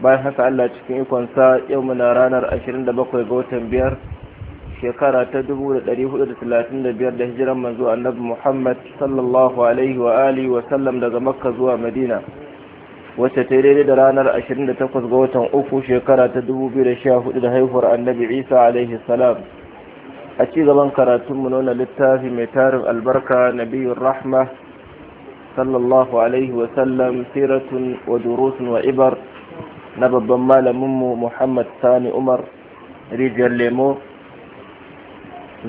bayan haka Allah cikin ikonsa yau muna ranar 27 ga watan biyar shekara ta 1435 da hijiran manzo annabi Muhammad sallallahu alaihi wa alihi wa sallam daga Makka zuwa Madina wacce ta daidai da ranar 28 ga watan uku shekara ta 2014 da haihuwar annabi Isa alaihi salam a ci gaban mu nuna littafi mai tarin albarka nabiyur rahma sallallahu alaihi wa sallam siratun wa durusun wa ibar na babban malaminmu muhammad sani umar rijiyar lemo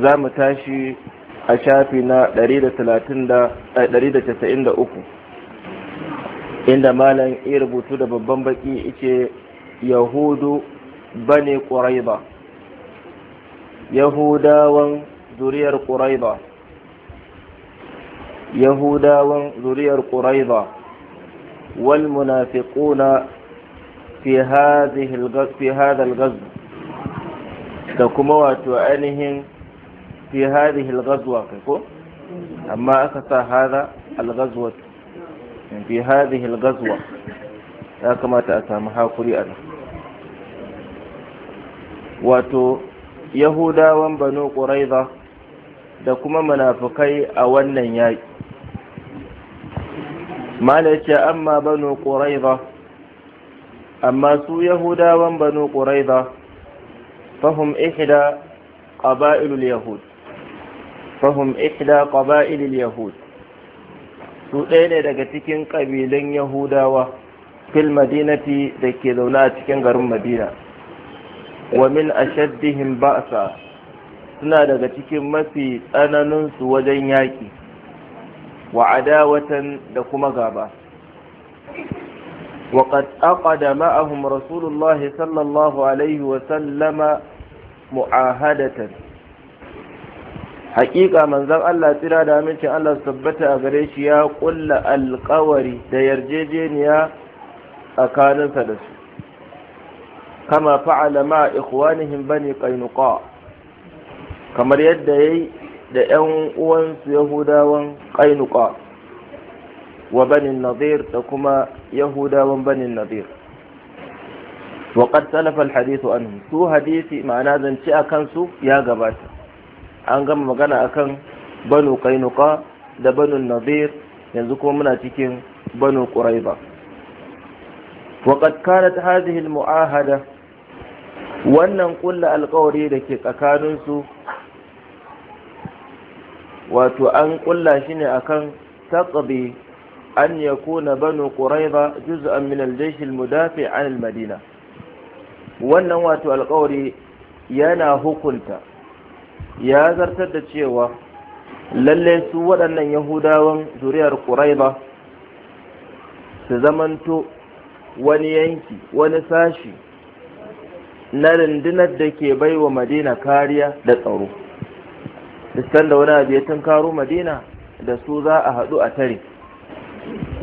za mu tashi a shafi na 193 inda malam iya rubutu da babban baki ice yahudu bane ƙuraiba yahudawan zuriyar ƙuraiba yahudawan zuriyar ƙuraiba wal munafiquna fi hadhihi al-ghazw fi hadha da kuma wato ainihin fi hadhihi al-ghazwa kai ko amma aka sa hadha al'gazuwar ghazwa fi hadhihi al ya kamata a samu hakuri a nan. wato yahudawan banu quraiza da kuma munafukai a wannan yaƙi. mala yace amma banu quraiza amma su yahudawan banu ƙuraiza fahim ihda ƙaba'ilul yahud fahim ihda ƙaba'ilul yahud su ɗaya ne daga cikin ƙabilun yahudawa fil madinati da ke zaune a cikin garin madina wa min ashaddihim ba'sa suna daga cikin mafi tsananinsu wajen yaƙi wa adawatan da kuma gaba وقد أقد معهم رسول الله صلى الله عليه وسلم معاهدة حقيقة من ذا الله ترى دامنك الله ثبت أغريش يا قل القوري ديرجيجين يا أكان ثلاث كما فعل مع إخوانهم بني قينقاع كما يدعي da 'yan uwansu yahudawan ƙainuka wa banin nadir da kuma yahudawan banin nadir wa qad salafa Anhu anhum su hadisi ma'ana zance akan su ya gabata an gama magana akan banu qainuqa da banu nadir yanzu kuma muna cikin banu quraiba wa qad kanat hadhihi almu'ahada wannan kulla alƙawari da ke tsakaninsu wato an kulla shi ne akan taqbi أن يكون بنو قريظة جزءا من الجيش المدافع عن المدينة والنواة القوري yana hukunta ya zartar da cewa lalle su waɗannan yahudawan zuriyar ƙuraiba su zamanto wani yanki wani sashi na rundunar da ke baiwa madina kariya da tsaro duk da wani abu ya karo madina da su za a haɗu a tare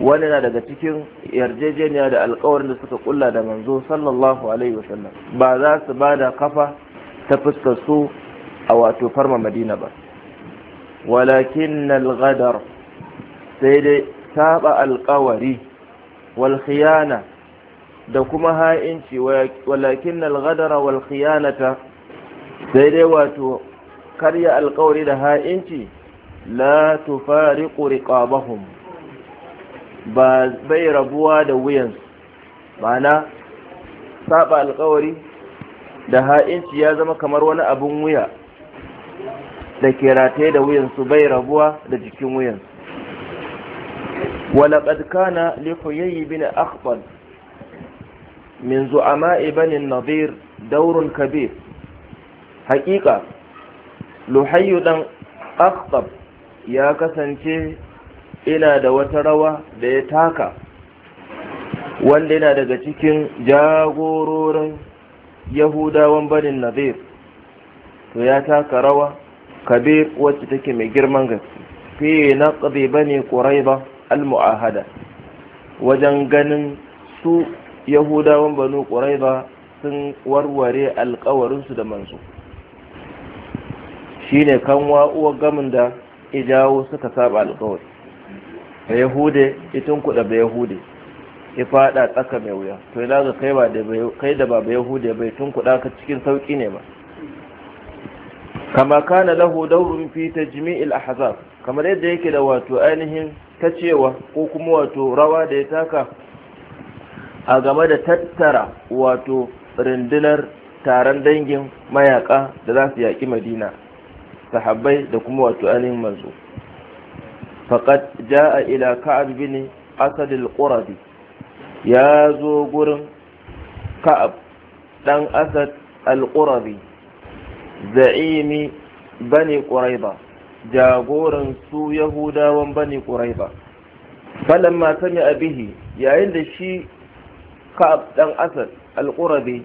wani na daga cikin yarjejeniya da alkawarin da suka kulla da manzo sallallahu alaihi wasallam ba za su ba da kafa ta fuskar su a wato farma madina ba walakin gadar sai dai saba alkawari wal khiyana da kuma ha'inci walakin gadara wal khiyanata sai dai wato karya alkawari da ha'inci la tufariqu riqabahum ba bai rabuwa da wuyansu ma'ana saba alkawari da ha'inci ya zama kamar wani abin wuya da ke rataye da wuyansu bai rabuwa da jikin wuyansu walaƙad kana li huyayi bin akhbal min zu'ama'i bani nadir daurin kabir haƙiƙa luhayyu ɗan akhbab ya kasance ina da wata rawa da ya taka wanda yana daga cikin jagororin yahudawan banin nazir to ya taka rawa kabir wacce take mai girman gaske fi naqdi bani ba al-mu'ahada wajen ganin su yahudawan banu ƙuraiba sun warware alkawarinsu da manzo ne kanwa wa'uwa gamin da ijawo suka saba alkawari ka yahude itin kuɗa ba yahude ya faɗa tsaka mai wuya to ina ga kai da kai da baba yahude bai tun kuɗa ka cikin sauki ne ba kama kana lahu dawrun fi tajmi'il ahzab kamar yadda yake da wato ainihin tacewa ko kuma wato rawa da ya taka a game da tattara wato rundunar taron dangin mayaka da za su yaƙi madina sahabbai da kuma wato ainihin manzo fakat jaa ila ka'ab bin asad al-qurabi ya zo gurin ka'ab dan asad al-qurabi za'imi bani quraiba jagoran su yahudawan bani quraiba falamma sami'a bihi yayin da shi ka'ab dan asad al-qurabi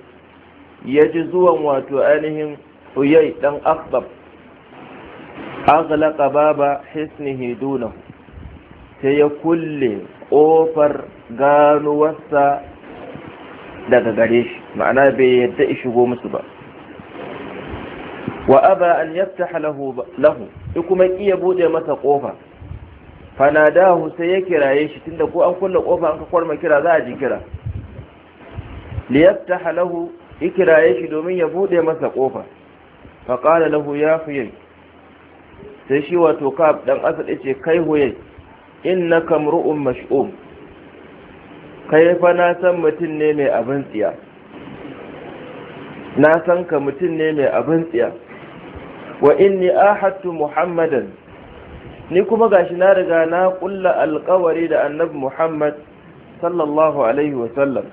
ya ji zuwan wato ainihin uyai dan akhbab aghlaqa baba hisnihi dunahu sai ya kulle kofar ganuwarsa daga gare shi ma'ana bai yadda shigo musu ba wa aba an yaftaha lahu lahu kuma iya bude masa kofa fanadahu sai ya kiraye shi tunda ko an kulle kofa an ka kwarma kira za a ji kira li yaftaha lahu ikiraye shi domin ya bude masa kofa fa qala lahu ya fiyai sai shi wato kaf dan asal yace kai hoye innaka mru'un mash'um kai fa na san mutum ne mai abin tsiya na san ka mutum ne mai abin tsiya wa inni ahadtu muhammadan ni kuma gashi na riga na kulla alqawari da annabi muhammad sallallahu alaihi wa sallam.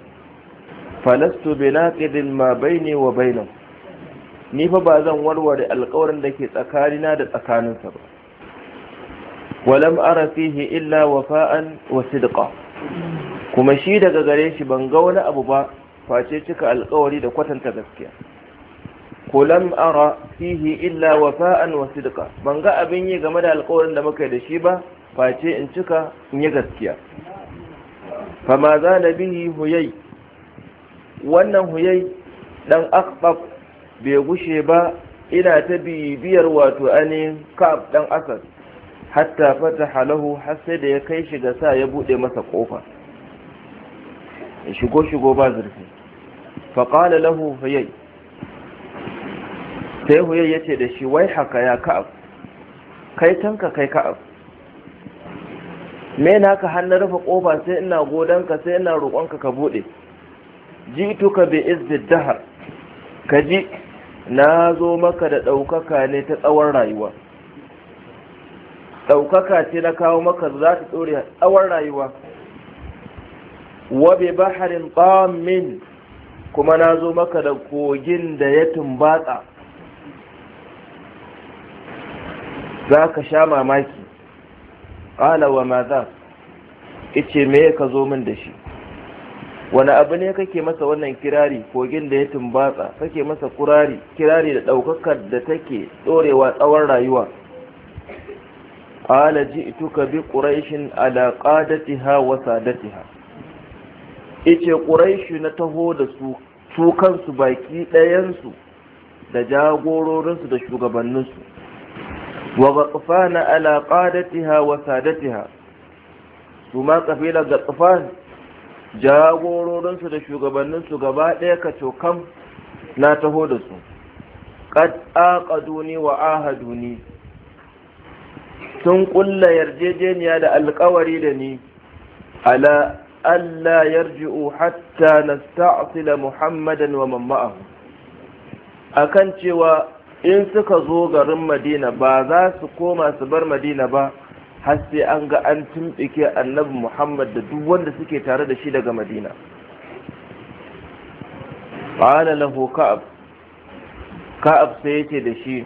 falastu binaqidin ma baini wa bainahu ni fa ba zan warware alƙawarin da ke tsakanina da tsakaninsa ba walam ara fihi illa wafa'an wa sidqa kuma shi daga gare shi ban ga wani abu ba face cika alƙawari da kwatanta gaskiya kulam ara fihi illa wafa'an wa sidqa ban ga abin yi game da alƙawarin da muka yi da shi ba face in cika in yi gaskiya fama za da bihi huyai wannan huyai dan akbab bai gushe ba ina ta bibiyar wato ainihin ka'ab dan asad hatta fata halahu, har sai da ya kai shi sa ya bude masa kofa shigo shigo ba zurfi fa qala lahu huyay sai ya yace da shi wai haka ya ka'ab kai tanka kai ka'ab me na ka hannu rufe kofa sai ina godanka sai ina roƙonka ka bude jituka bi izdi dahar ka ji na zo maka da ɗaukaka ne ta tsawon rayuwa ɗaukaka ce na kawo maka za ta a tsawon rayuwa wabe baharin min kuma na zo maka da kogin da ya tumbatsa za ka sha mamaki ƙala wa ma za ice me ka zo min da shi wani abu ne kake masa wannan kirari kogin da ya tumbatsa kake masa kurari kirari da ɗaukakar da take ɗorewa tsawon rayuwa ala ji'tuka bi quraishin ala qadatiha wa sadatiha ice quraishu na taho da su su kansu baki ɗayansu da jagororinsu da shugabanninsu wa qafana ala qadatiha wa sadatiha su ma kafila gaqfan jagororinsu da shugabanninsu gaba ɗaya ka cokan na taho da su qad aqaduni wa ahaduni sun ƙulla yarjejeniya da alkawari da ni ala alla yarji'u hatta nasta'sila muhammadan wa mamma'ahu A akan cewa in suka zo garin madina ba za su koma su bar madina ba har sai an ga an tumɓike annabi muhammad da duk wanda suke tare da shi daga madina ƙwala lahu ka'ab ka'ab sai yace da shi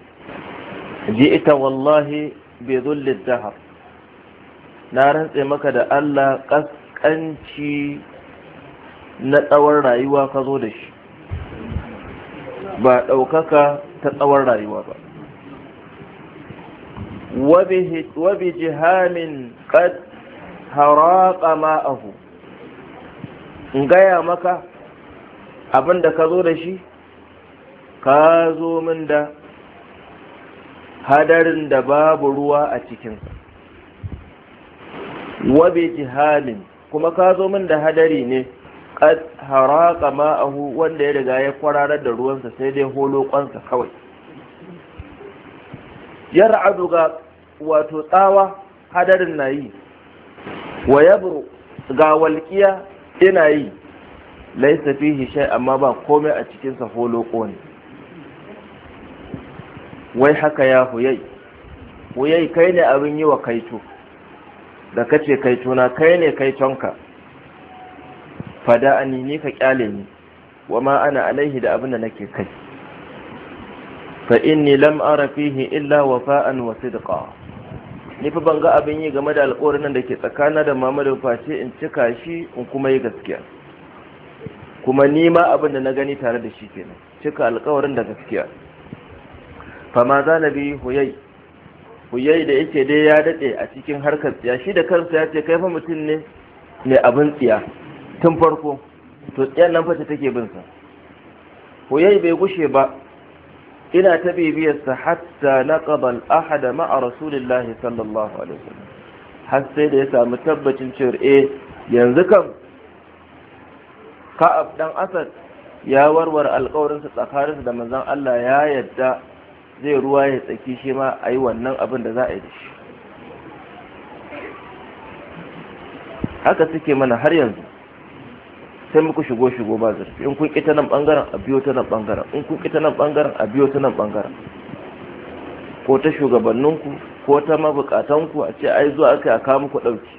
ji ita wallahi bai zullin dahar na rantse maka da allah ƙasƙanci na tsawon rayuwa ka zo da shi ba ɗaukaka ta tsawon rayuwa ba kad haraka ma'ahu in gaya maka abinda ka zo da shi ka zo min da hadarin da babu ruwa a cikin wabijihamin kuma ka zo min da hadari ne kad haraka ma'ahu wanda ya riga ya kwararar da ruwansa sai dai holo kwansa kawai yar'adu ga wato tsawa hadarin na yi wa yabru ga walƙiya ina yi laisa fihi shai amma ba komai a cikin safo loko ne wai haka ya huyai huyai kai ne abin yi wa kaito da kace kaito na kai ne kaitonka fada ani ni ka kyale ni wa ma ana alaihi da abin da nake kai fa inni lam ara fihi illa wafa'an wa sidqa ni fa ban ga abin yi game da alƙawarin da ke tsakana da Muhammadu face in cika shi in kuma yi gaskiya kuma ni ma abin da na gani tare da shi kenan cika alƙawarin da gaskiya fama za na bi huyai huyai da yake dai ya daɗe a cikin harkar tsiya shi da kansa ya ce kai fa mutum ne mai abin tsiya tun farko to tsiyan nan fata take bin sa huyai bai gushe ba ina ta bibiyarsa hatta na al-ahada ma'a rasulillahi sallallahu alaihi har sai da ya sami tabbacin cewar e yanzu kan ka'ab dan asad ya warware alƙawarinsa tsakaninsa da manzan Allah ya yadda zai ruwa ya tsaki shi ma a yi wannan abin da za a yi da shi haka suke mana har yanzu sai muku shigo shigo ba zurfi in kun kita nan bangaren a biyo ta nan bangaren in kun kita nan bangaren a biyo ta nan bangaren ko ta shugabanninku ko ta ku a ce ai zuwa aka aka muku dauki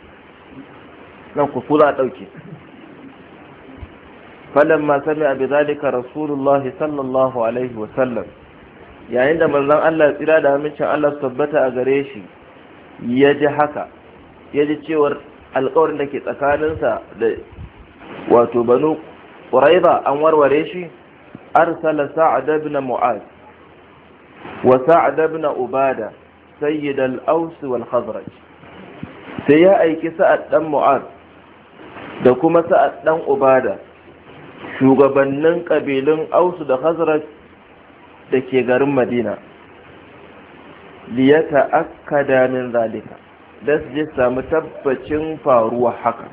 nan ku kula dauki ma sami abi zalika rasulullah sallallahu alaihi wa sallam yayin da manzon Allah tsira da amincin Allah tabbata a gare shi ya ji haka yaji cewar alƙawarin da ke tsakaninsa da wato banu ƙuraiba an warware shi arsala sa'ad ibn mu'az wa sa'ad ibn ubada sayyid al-aws wal khazraj sai ya aiki sa'ad dan mu'az da kuma sa'ad dan ubada shugabannin kabilun aws da khazraj da ke garin madina liyata akkada min zalika dasu je samu tabbacin faruwa haka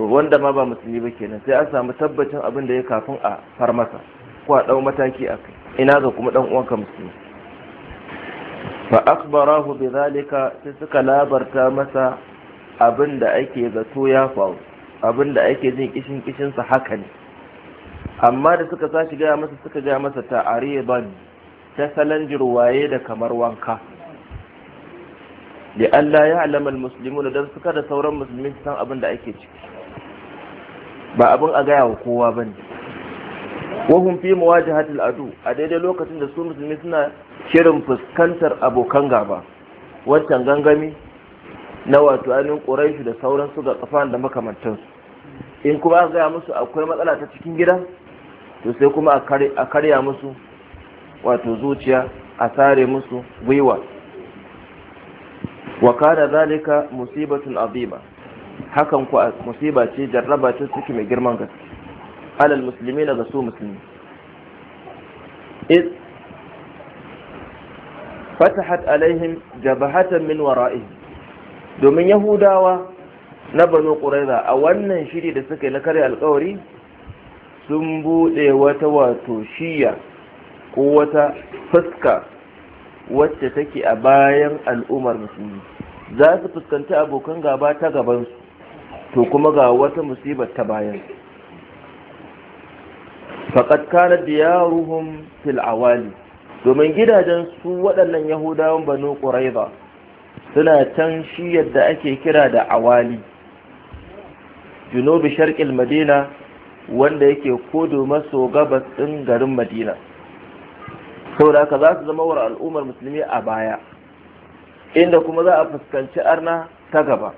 to wanda ma ba musulmi ba kenan sai an samu tabbacin abin da ya kafin a far masa ko a dau mataki a kai ina ga kuma dan uwanka musulmi fa akhbarahu bidhalika sai suka labarta masa abin da ake zato ya faru abin da ake jin kishin kishin sa haka ne amma da suka sashi gaya masa suka gaya masa ta ta'ariban ta salan jirwaye da kamar wanka da Allah ya alama musulmi da don suka da sauran musulmi san abin da ake ciki ba abin a gaya wa kowa ba ne wahun fi muwajahatul adu a daidai lokacin da su musulmi suna shirin fuskantar abokan gaba wancan gangami na wato ainihin ƙuraishu da sauran su ga kafan da makamantansu in kuma a gaya musu akwai matsala ta cikin gida to sai kuma a karya musu wato zuciya a sare musu gwiwa wa kada zalika musibatun azima hakan ku musiba ce jarraba ce suke mai girman gaske alal musulmi daga su musulmi iz fatahat alaihim جبهة min wara'ih domin yahudawa na banu quraiza a wannan shiri da suka na kare alkawari sun buɗe wata wato shiya ko wata fuska wacce take a bayan al'ummar musulmi za su fuskanci abokan gaba ta gabansu to kuma ga wata musibar ta bayan faƙad kana diyaruhum fil awali domin gidajen su waɗannan yahudawan banu ƙuraiba suna can shi yadda ake kira da awali junubi sharƙil madina wanda yake kodo maso gabas ɗin garin madina saboda haka za su zama wa al'ummar musulmi a baya inda kuma za a fuskanci arna ta gaba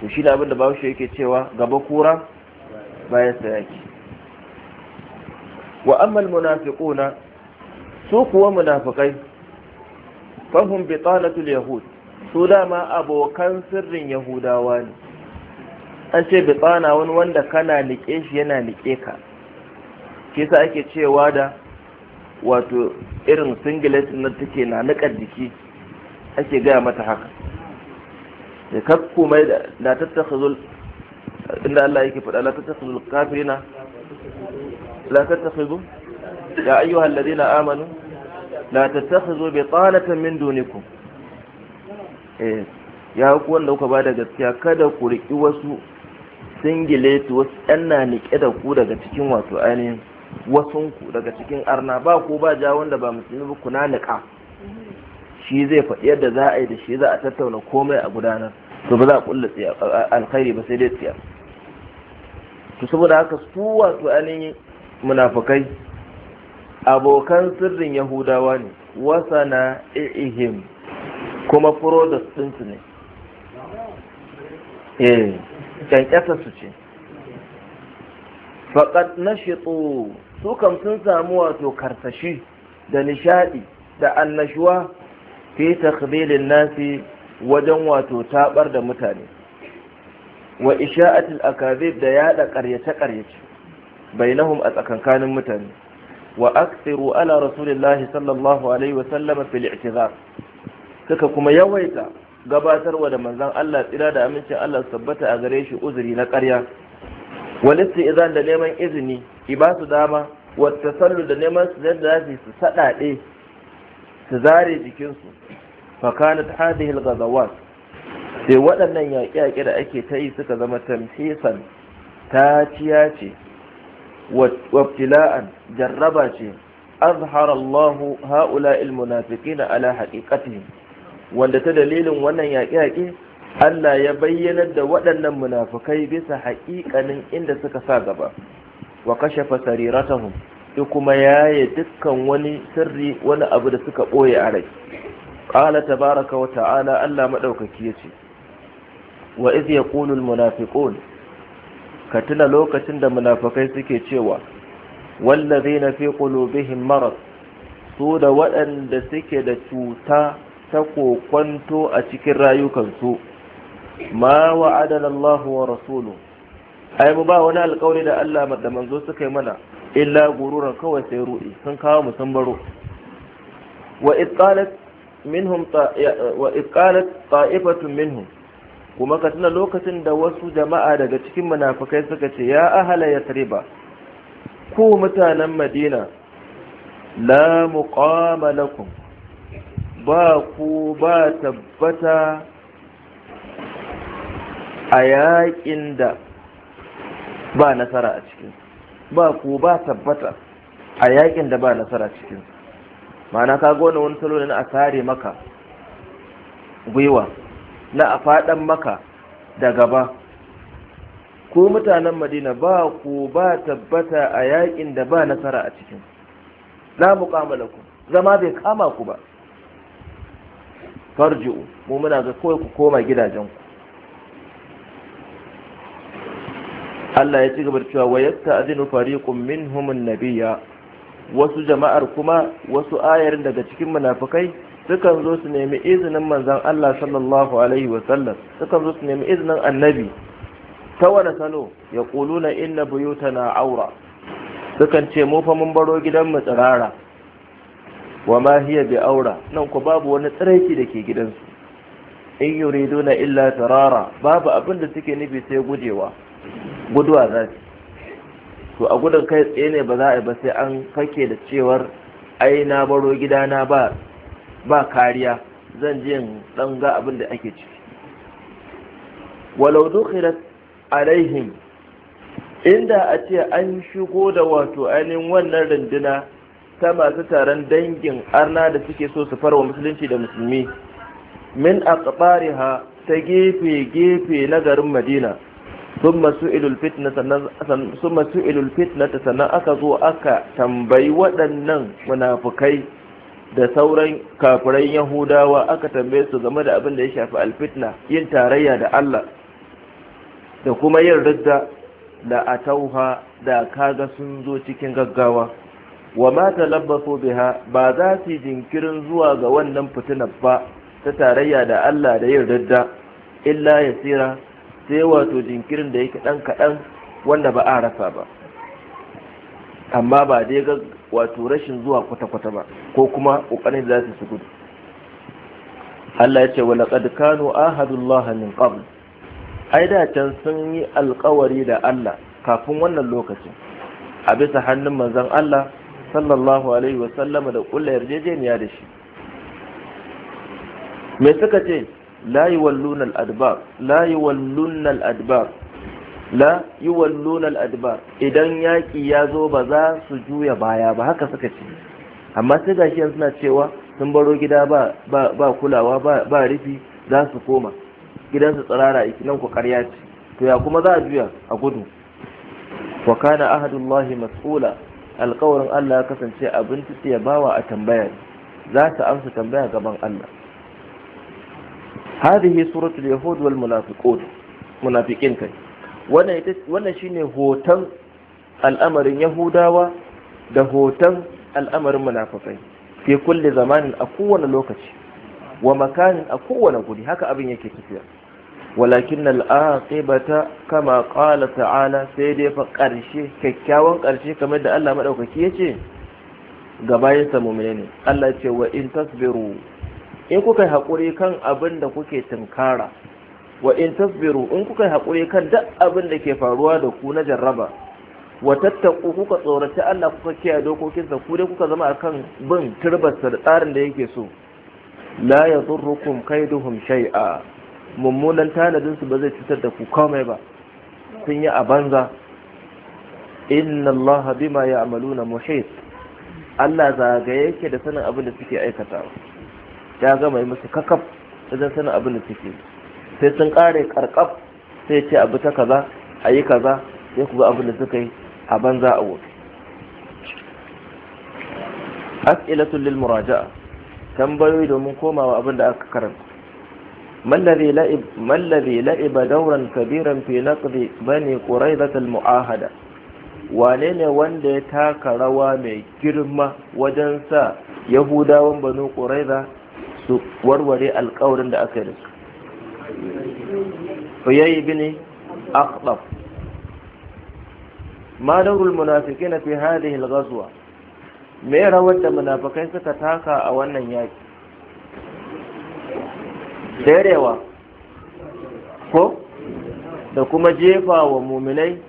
to shi ne abin da bahaushe yake cewa gaba kura bayan sayaki wa ammal munafiquna su kuwa munafikai fahum bitalatul yahud su dama abokan sirrin yahudawa ne an ce bitsana wani wanda kana nike shi yana nike ka ke sa ake cewa da wato irin singlet na take na nikar jiki ake gaya mata haka sai kakku mai da la inda Allah yake faɗa la tattakhuzul kafirina la tattakhuzu ya ayyuhal ladina amanu la tattakhuzu bitanatan min dunikum eh ya ku wanda kuka bada gaskiya kada ku riki wasu singileti wasu ɗan na nike da ku daga cikin wato ainihin wasunku daga cikin arna ba ku ba ja wanda ba musulmi ba kuna niƙa shi zai faɗi yadda za a yi da shi za a tattauna komai a gudanar to ba za a kulla alkhairi ba sai dai tsiya to saboda haka su wato ainihin munafukai abokan sirrin yahudawa ne na ihim kuma product ɗinsu ne eh, ƙyanƙyasa su ce faƙat na shito su kam sun samu wato karsashi da nishaɗi da annashuwa fi takbilin nasi wajen wato tabar da mutane wa isha'atul akazib da yada karyace karyace bainahum a tsakankanin mutane wa akthiru ala rasulillahi sallallahu alaihi wa sallam fil i'tizar kaka kuma yawaita gabatarwa da manzon Allah tsira da amincin Allah sabbata a gare shi uzuri na ƙarya walisti idan da neman izini ibasu dama wa tasallu da neman su yadda za su sadade su zare jikinsu fakanat hadhihi al-ghazawat sai waɗannan yaƙe-yaƙe da ake ta yi suka zama tamhisan taciya ce wabtila'an jarraba ce azhar Allah ha'ula ilmunafiqin ala haqiqatihi wanda ta dalilin wannan yaƙe-yaƙe Allah ya bayyanar da waɗannan munafikai bisa haƙiƙanin inda suka sa gaba wa kashafa sariratahum ya kuma yaye dukkan wani sirri wani abu da suka ɓoye a rai ƙala tabaraka wa ta'ala Allah maɗaukaki ya ce wa iz ya ƙunul ka tuna lokacin da munafukai suke cewa wallazi na fi ƙulubihin maras su da waɗanda suke da cuta ta kokwanto a cikin rayukansu ma wa'adana wa rasulu ai mu ba wani alƙawari da Allah da manzo suka yi mana illa gururan kawai sai ru'i sun kawo mu sun baro wa iz qalat minhum wa iqalat kuma ka tuna lokacin da wasu jama'a daga cikin munafikai suka ce ya ahala yasriba ku mutanen madina la muqama ku ba a yaƙin da ba nasara a ku ba tabbata a yaƙin da ba nasara cikin ma'ana ka gona wani salo ne a tare maka gwiwa na a faɗan maka da gaba Ku mutanen madina ba ku ba tabbata a yakin da ba nasara a cikin la muqamala ku zama bai kama ku ba farji'u mu muna ga kawai ku koma gidajen ku Allah ya ci gaba da cewa wayatta yasta'dinu fariqun minhum an-nabiyya wasu jama'ar kuma wasu ayarin daga cikin munafikai sukan zo su nemi izinin manzon Allah sallallahu alaihi sallam sukan zo su nemi izinin annabi ta wani salo ya kuluna inna buyutana aura sukan ce mu fa mun baro gidan mu tsirara wa ma hiya bi aura nan ku babu wani tsiraiki da ke gidansu in yuriduna illa tsirara. babu abinda da suke nufi sai gujewa guduwa za to a gudun kai tsaye ne ba za a yi ba sai an fake da cewar ai na baro gidana ba ba kariya zan je dan ga abin da ake ciki walau dukhilat alaihim inda a ce an shigo da wato ainihin wannan runduna ta masu taron dangin arna da suke so su farwa musulunci da musulmi min aqbariha ta gefe gefe na garin madina summa su'ilul fitna sannan summa sannan aka zo aka tambayi waɗannan munafukai da sauran kafirai yahudawa aka tambaye su game da abin da ya shafi alfitna yin tarayya da Allah da kuma yin ridda da atauha da kaga sun zo cikin gaggawa wa ma talabbasu biha ba za su jinkirin zuwa ga wannan fitinar ba ta tarayya da Allah da yin ridda illa tsira. sai wato jinkirin da yake ɗan kaɗan wanda ba a rasa ba amma ba dai ga wato rashin zuwa kwata-kwata ba ko kuma ƙoƙarin da za su gudu Allah ya ce wa laqad kanu ahadullahi min qabl ai da can sun yi alƙawari da Allah kafin wannan lokacin a bisa hannun manzon Allah sallallahu alaihi wa da ƙulla yarjejeniya da shi me suka ce la yuwalluna al-adbar idan yaƙi ya zo ba za su juya baya ba haka saka ce amma sai gashi suna cewa sun baro gida ba ba kulawa ba rufi za su koma gidansu tsirara iki nan ku ce to ya kuma za a juya a gudu wa kana ahadullahi mas'ula alƙawarin Allah ya kasance abin tsiya bawa a tambayar, za ta amsa tambaya gaban Allah hadhihi suratul yahud wal munafiqun wannan shine hoton al'amarin yahudawa da hoton al'amarin munafikai fi kulle zamanin a kowane lokaci wa makanin a kowane guri haka abin yake tafiya walakin al'aqibata kama qala ta'ala sai dai fa ƙarshe, kyakkyawan ƙarshe, kamar da Allah maɗaukaki yace ga bayan sa mu'mini ne Allah ya ce wa in tasbiru in kuka yi haƙuri kan abin da kuke tunkara wa in tasbiru in kuka yi haƙuri kan duk abin da ke faruwa da ku na jarraba wa tattaku kuka tsoraci Allah kuka kiyaye dokokinsa ku dai kuka zama akan bin turbar da tsarin da yake so la yadurrukum kaiduhum shay'a mummunan tanadin su ba zai cutar da ku komai ba sun yi a banza inna Allah bima ya'maluna muhit Allah zagaye yake da sanin abin da suke aikatawa ya gama yi musu kakaf idan sanin abin da suke sai sun kare karkaf sai ce abu ta kaza a yi kaza sai ku ga abin da suka yi a banza a wuce as'ilatul lil muraja'a tambayoyi domin komawa abin da aka karanta mallazi la'ib mallazi la'iba dauran kabiran fi naqdi bani quraidat al mu'ahada wane ne wanda ya taka rawa mai girma wajen sa yahudawan banu quraiza su warware alkawarin da aka yi da su huyayi bin akhdaf ma darul na fi hadhihi al me rawar da munafikai suka taka a wannan yaki darewa ko da kuma jefa wa muminai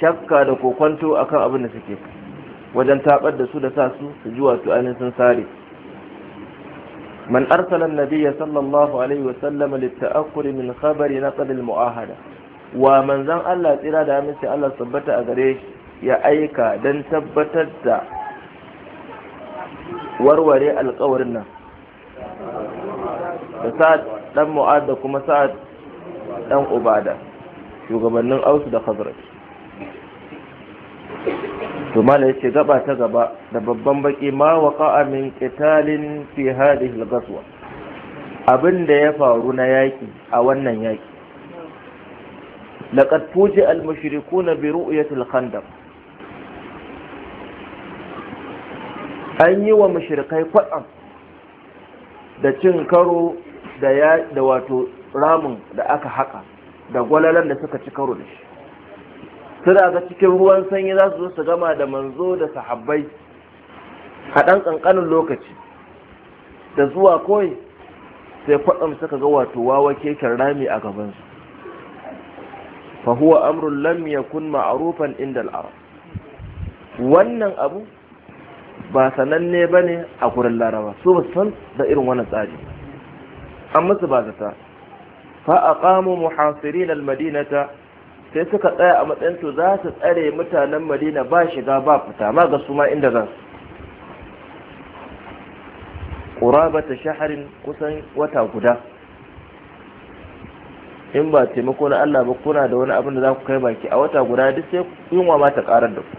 shakka da kokwanto akan abin da suke wajen taɓar da su da sa su su ji wasu ainihin sun sare من أرسل النبي صلى الله عليه وسلم للتأكل من خبر نقل المؤاهدة ومن زن الله تلا دا من سي الله ثبت أغريش يا أيكا دن ثبتت دا warware alƙawarin nan da sa'ad dan mu'ad da kuma sa'ad dan ubada shugabannin ausu da khazraj to mala yace gaba ta gaba da babban baki ma waqa'a min qitalin fi hadhihi al-ghazwa abin da ya faru na yaki a wannan yaki laqad fuji al mushrikuuna bi ru'yati al-khandaq an yi wa mushrikai kwatsam da cin karo da wato ramin da aka haka da gwalalan da suka ci karo da shi suna ga cikin ruwan sanyi za su zo su gama da manzo da sahabbai a ɗan ƙanƙanin lokaci da zuwa kawai sai kwaɗam suka ga wato wawa keken rami a gabansu fa huwa amrun lam yakun ma'rufan inda al wannan abu ba sananne ba ne a gurin laraba su ba san da irin wannan tsari an musu ba zata fa aqamu muhasirin al-madinata sai suka tsaya a matsayin to za su tsare mutanen madina ba shiga ba fita ma ga su ma inda za su ta shaharin kusan wata guda in ba taimako na Allah ba kuna da wani abin da za ku kai baki a wata guda duk sai yunwa ma ta karar da ku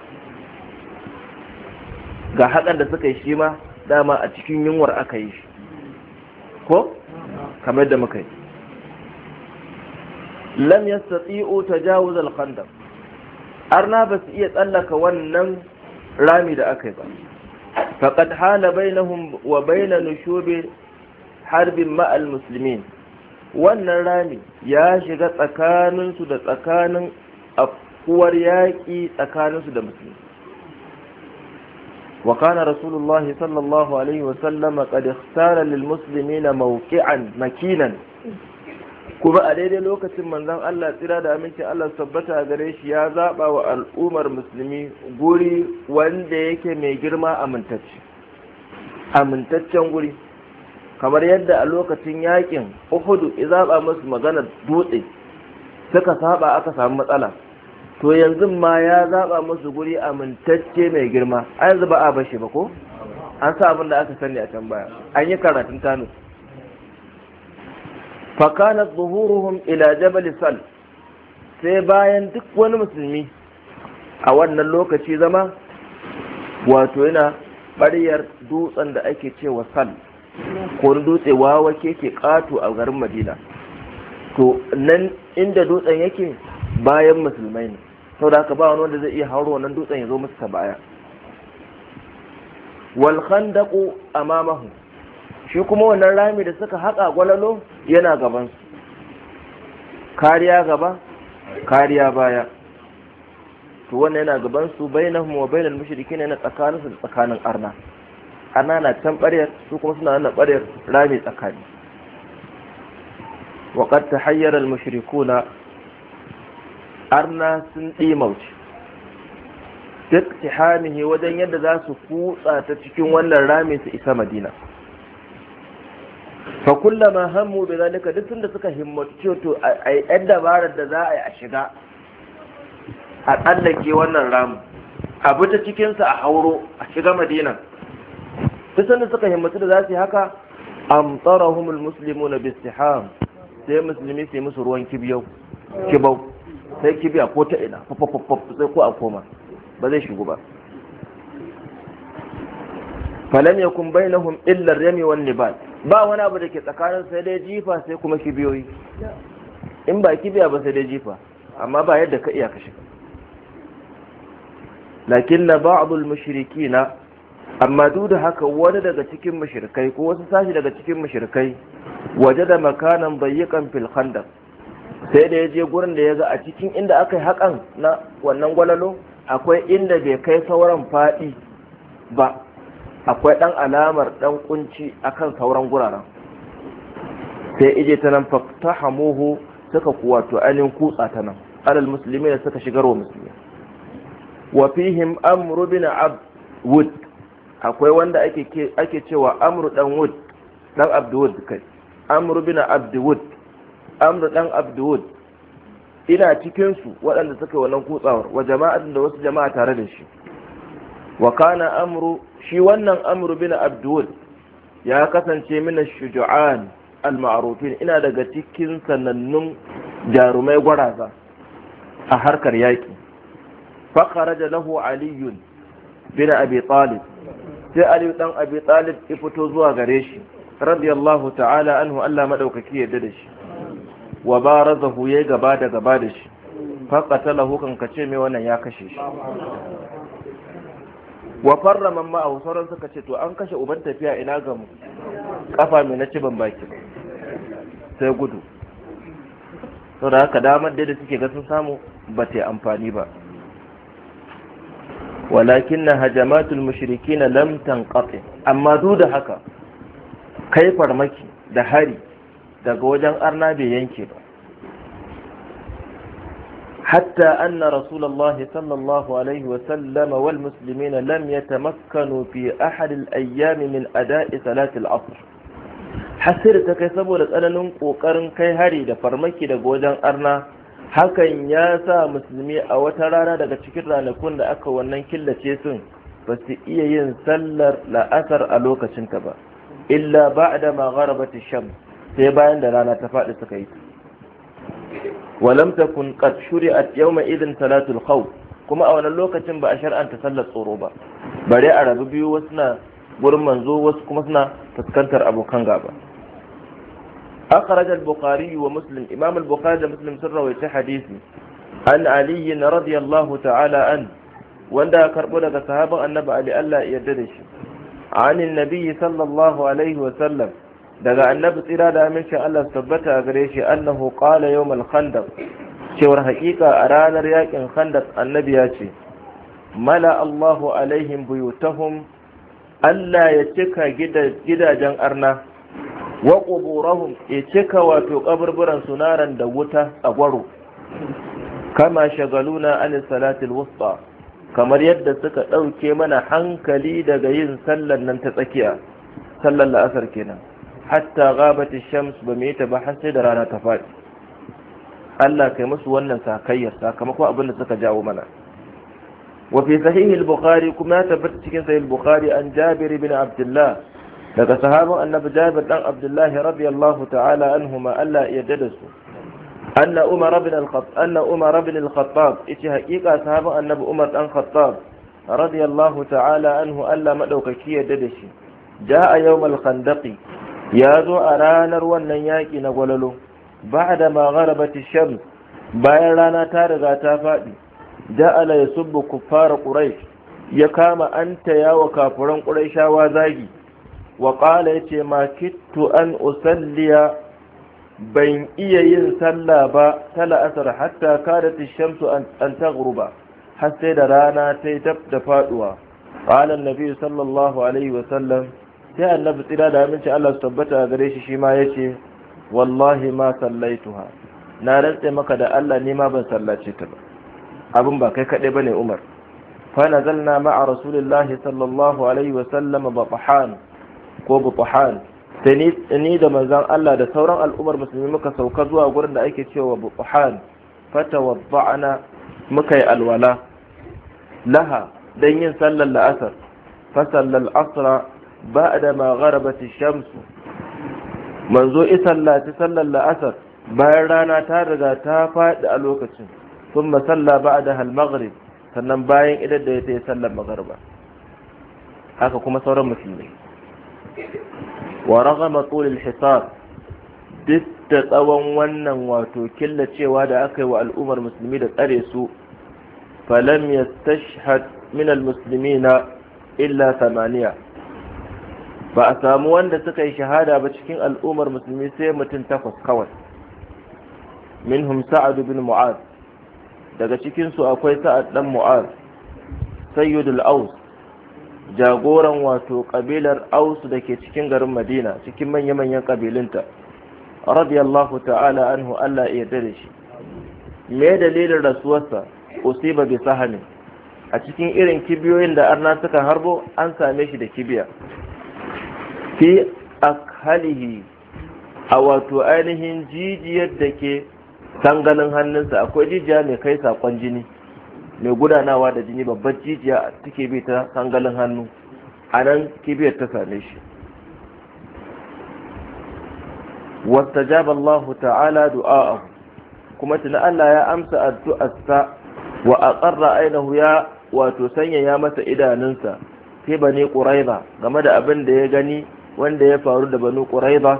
ga hakan da suka yi shi ma dama a cikin yunwar aka yi shi ko kamar da muka yi lam yastati'u tajawuz al-khandaq arna ba su iya tsallaka wannan rami da aka yi ba faqad hala bainahum wa bain nushubi harbin ma'al musulmin. wannan rami ya shiga tsakaninsu da tsakanin afkuwar yaƙi tsakaninsu da musulmi wa kana rasulullahi sallallahu alaihi wasallama qad ikhtara lil muslimina mawqi'an makinan kuma a daidai lokacin manzon Allah tsira da aminci Allah tabbata gare shi ya zaba wa al'ummar musulmi guri wanda yake mai girma amintacce amintaccen guri kamar yadda a lokacin yakin Uhudu ya zaba musu maganar dutse suka saba aka samu matsala to yanzu ma ya zaba musu guri amintacce mai girma a yanzu ba a bashi ba ko an sa abin da aka sani a can baya an yi karatun tanus fakanat zuhuruhum ila jabal sal sai bayan duk wani musulmi a wannan lokaci zama wato yana ɓaryar dutsen da ake cewa sal ko dutse wawa ke ke ƙato a garin madina to nan inda dutsen yake bayan musulmai ne sau da haka ba wani wanda zai iya hauro wannan dutsen ya zo musu ta baya wal khandaqu amamahu shi kuma wannan rami da suka haƙa gwalalo yana gabansu kariya gaba kariya baya to wannan yana gabansu bainahum wa bainal mushrikeena yana tsakaninsu su tsakanin arna arna na can ɓaryar su kuma suna nan ɓaryar rami tsakani wa qad tahayyara al mushrikuna arna sun ɗimauce duk tihamihi wajen yadda za su kutsa ta cikin wannan rami su isa madina fa kullama hammu bi zalika duk da suka himmatu ce to ai ɗan dabarar da za a yi a shiga a tsallake wannan ramu a bi ta cikinsa a hauro a shiga madina duk da suka himmatu da za su yi haka amtarahumul muslimuna bistiham sai musulmi sai musu ruwan kibiyau kibau sai kibiya ko ta ina fafafafafa sai ko a koma ba zai shigo ba falam yakun bainahum illa rami wan nibal ba wani abu da ke tsakanin sai dai jifa sai kuma kibiyoyi in ba kibiya ba sai dai jifa amma ba yadda ka iya ka lakin na ba'adul mashiriki na amma duk da haka wani daga cikin mashirkai ko wasu sashi daga cikin mashirkai waje da makanan bayyakan filhandar sai da ya je gurin da ya ga a cikin inda aka yi haƙan na wannan gwalalo akwai inda bai kai sauran faɗi ba akwai ɗan alamar ɗan kunci akan sauran guraren sai ije ta nan faktahamuhu suka kuwato ainihin kutsa ta nan alal musulmi da suka shigar wa musulmi wa fihim amru bin abd akwai wanda ake ake cewa amru dan wud dan abd kai amru bin abd amru dan abd ina cikin su waɗanda suka yi wannan kutsawar wa jama'atin da wasu jama'a tare da shi wa kana amru shi wannan amru bin abdul ya kasance mina shuju'an al-ma'rufin ina daga cikin sanannun jarumai gwaraza a harkar yaki fa kharaja lahu ali bin abi talib sai ali dan abi talib ya fito zuwa gare shi radiyallahu ta'ala anhu Allah madaukaki yadda da shi wa barazahu yayi gaba da gaba da shi fa qatalahu kan kace mai wannan ya kashe shi wa farra man ma'ahu sauran suka ce to an kashe uban tafiya ina ga mu kafa mai na ciban baki sai gudu da haka damar da suke ga sun samu ba ta amfani ba walakin na hajamatul mushriki na lamtan kafe amma duk da haka kai farmaki da hari daga wajen arna bai yanke ba حتى أن رسول الله صلى الله عليه وسلم والمسلمين لم يتمكنوا في أحد الأيام من أداء صلاة العصر da ta kai saboda tsananin ƙoƙarin kai hari da farmaki daga wajen arna hakan ya sa musulmi a wata rana daga cikin ranakun da aka wannan killace sun ba su iya yin sallar la'asar a lokacinta ba illa ba da ma sham sai bayan da rana ta faɗi suka yi walam takun qad shuri'at yauma idin salatul khawf kuma a wannan lokacin ba a shar'anta sallar tsoro ba bari a rabu biyu wasu na gurin manzo wasu kuma suna fuskantar abokan gaba أخرج البخاري ومسلم da البخاري sun سر hadisi. حديثي عن علي رضي الله تعالى عنه wanda karɓo daga sahaban annaba ali Allah ya yarda da shi anin nabi sallallahu alaihi wasallam daga annabi tsira da aminci Allah tabbata gare shi annahu qala yawmal khandaq cewar haƙiƙa a ranar yakin khandaq annabi ya ce mala Allahu alaihim buyutahum Allah ya cika gidajen arna wa quburahum ya cika wato kaburburan sunaran da wuta a gwaro kama shagaluna an salatil wusta kamar yadda suka ɗauke mana hankali daga yin sallar nan ta tsakiya sallar la'asar kenan hatta gabata shams ba me ta ba har sai da rana ta faɗi Allah kai musu wannan sakayyar sakamakon abin da suka jawo mana wa fi sahih al-bukhari kuma ta tabbata cikin sahih al-bukhari an jabir bin abdullah daga sahabban annabi jabir dan abdullah radiyallahu ta'ala anhuma Allah ya yarda su anna umar ibn al-khattab anna umar ibn al-khattab ita haƙiƙa sahabban annabi umar dan khattab radiyallahu ta'ala anhu Allah madaukaki ya yarda da shi ja'a yawm al-khandaqi ya zo a ranar wannan yaƙi na gwalalo ba da magharabati shams bayan rana ta riga ta faɗi ala ya subbu fara ƙurai. ya kama an yawa kafuran shawa zagi wa ya ce ma kittu an usalliya ban iya yin sallah ba ta la'asar hatta kadat shamsu an taghruba har sai da rana ta yi da faduwa qala annabi sallallahu alaihi wa sai annabi tsira da aminci Allah su tabbata a gare shi shi ma ya ce wallahi ma sallaituha na rantse maka da Allah ni ma ban sallace ta ba abin ba kai kaɗai bane Umar fa nazalna ma'a Rasulillah sallallahu alaihi wa sallama batahan ko batahan sai ni da manzon Allah da sauran al'ummar musulmi muka sauka zuwa gurin da ake cewa wa fatawadda'na muka yi alwala laha dan yin sallar la'asar fa sallal asra ba'da ma gharabat shamsu manzo isallaci sallar la'asar bayan rana ta riga ta faɗi a lokacin sun masalla ba da halmaghrib sannan bayan idan da ya ta yi sallar magharba haka kuma sauran musulmi wa ragama tsulil hisar duk da tsawon wannan wato killacewa da aka yi wa al'ummar musulmi da tsare su falam ya tashhad min al na illa samaniya ba a samu wanda suka yi shahada ba cikin al'ummar musulmi sai mutum takwas kawai minhum sa'ad bin mu'az daga cikin su akwai sa'ad dan mu'az sayyidul aus jagoran wato kabilar aus da ke cikin garin madina cikin manya-manyan kabilunta radiyallahu ta'ala anhu Allah ya yarda da shi me dalilin rasuwarsa usiba bi sahani a cikin irin kibiyoyin da arna suka harbo an same shi da kibiya fi akhalihi a wato ainihin jijiyar da ke tanganin hannunsa akwai jijiya mai kai sakon jini mai gudanawa da jini babbar jijiya take bi ta sangalin hannu a nan kibiyar ta same shi wastajab Allah ta'ala du'a'ahu kuma tuna Allah ya amsa addu'arsa wa a tsarra ainahu ya wato sanya ya masa idanunsa sai bane ƙuraiba game da abin da ya gani wanda ya faru da banu quraiza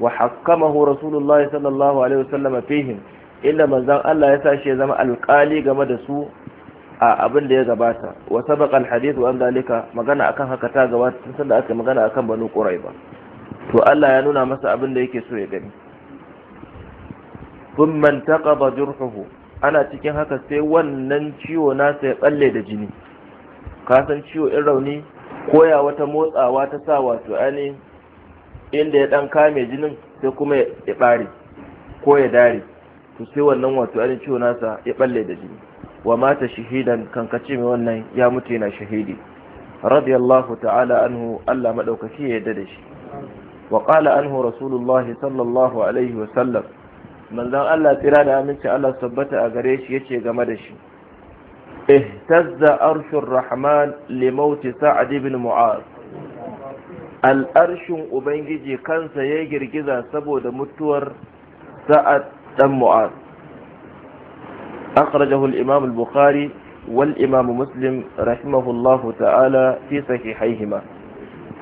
wa hakkamahu rasulullahi sallallahu alaihi wasallam fihim inda manzon Allah ya sa shi ya zama alƙali game da su a abin da ya gabata wa sabaqa alhadith an dalika magana akan haka ta gabata tun sanda aka magana akan banu quraiba to Allah ya nuna masa abin da yake so ya gani thumma taqaba jurhuhu ana cikin haka sai wannan ciwo nasa ya balle da jini ka san ciwo in rauni koya wata motsawa ta sa wato ani inda ya dan kame jinin sai kuma ya bare ko ya dare to sai wannan wato ainihin ciwo nasa ya balle da jini wa mata shahidan kankace mai wannan ya mutu yana shahidi radiyallahu ta'ala anhu Allah madaukaki ya yarda da shi wa qala anhu rasulullah sallallahu alaihi wa sallam manzon Allah tsira da aminci Allah tabbata a gare shi yace game da shi اهتز أرش الرحمن لموت سعد بن معاذ الأرش أبنجي كان سيجر كذا سبو دمتور سعد بن معاذ أخرجه الإمام البخاري والإمام مسلم رحمه الله تعالى في صحيحيهما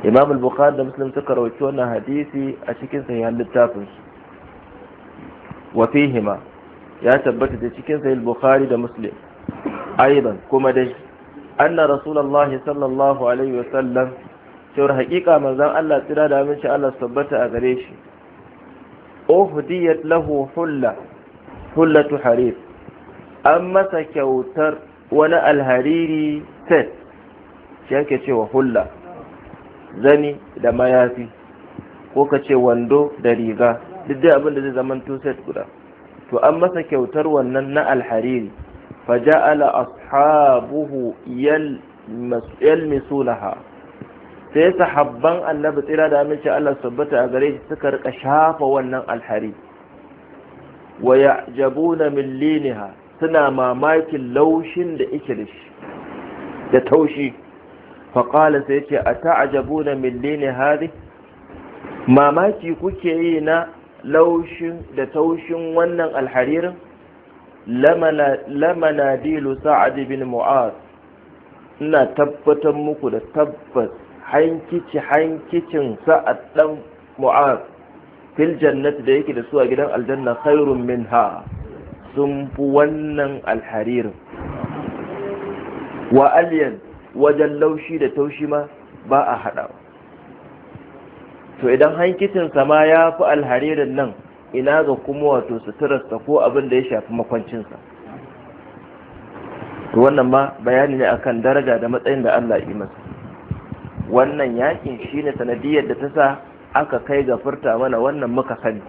إمام البخاري مسلم ذكر وشونا حديثي أشكين صحيح للتافنش وفيهما يا تبت تشكين صحيح البخاري ومسلم aidan kuma dai anna rasulullahi sallallahu alaihi wasallam cewar haƙiƙa manzon Allah tsira da aminci Allah tabbata a gare shi uhdiyat lahu hulla hullatu harir an masa kyautar wani alhariri set shi yake cewa hulla zani da mayafi ko ka ce wando da riga duk abinda abin da zai zama set guda to an masa kyautar wannan na alhariri فجعل أصحابه يلمسونها sai sahabban annabi tsira da aminci Allah sabbata a gare shi suka rika shafa wannan alhari wa ya'jabuna min liniha suna mamakin laushin da yake da shi da taushi fa qala sai yace ata'jabuna min lini hadhi mamaki kuke yi na laushin da taushin wannan alharirin lamanadilu sa'ad bin mu'az ina tabbatar muku da tabbas hankici hankicin sa'ad dan mu'az fil jannati da yake da su a gidan aljanna khairun minha sun fi wannan alharirin wa aliyan wajen laushi da taushi ma ba a haɗawa to idan hankicinsa ma ya fi alharirin nan ina ga kuma wato suturarsa ko abin da ya shafi makwancinsa to wannan ma bayani ne akan daraja da matsayin da Allah yi masa wannan yakin shine sanadiyar da ta sa aka kai ga furta mana wannan muka sani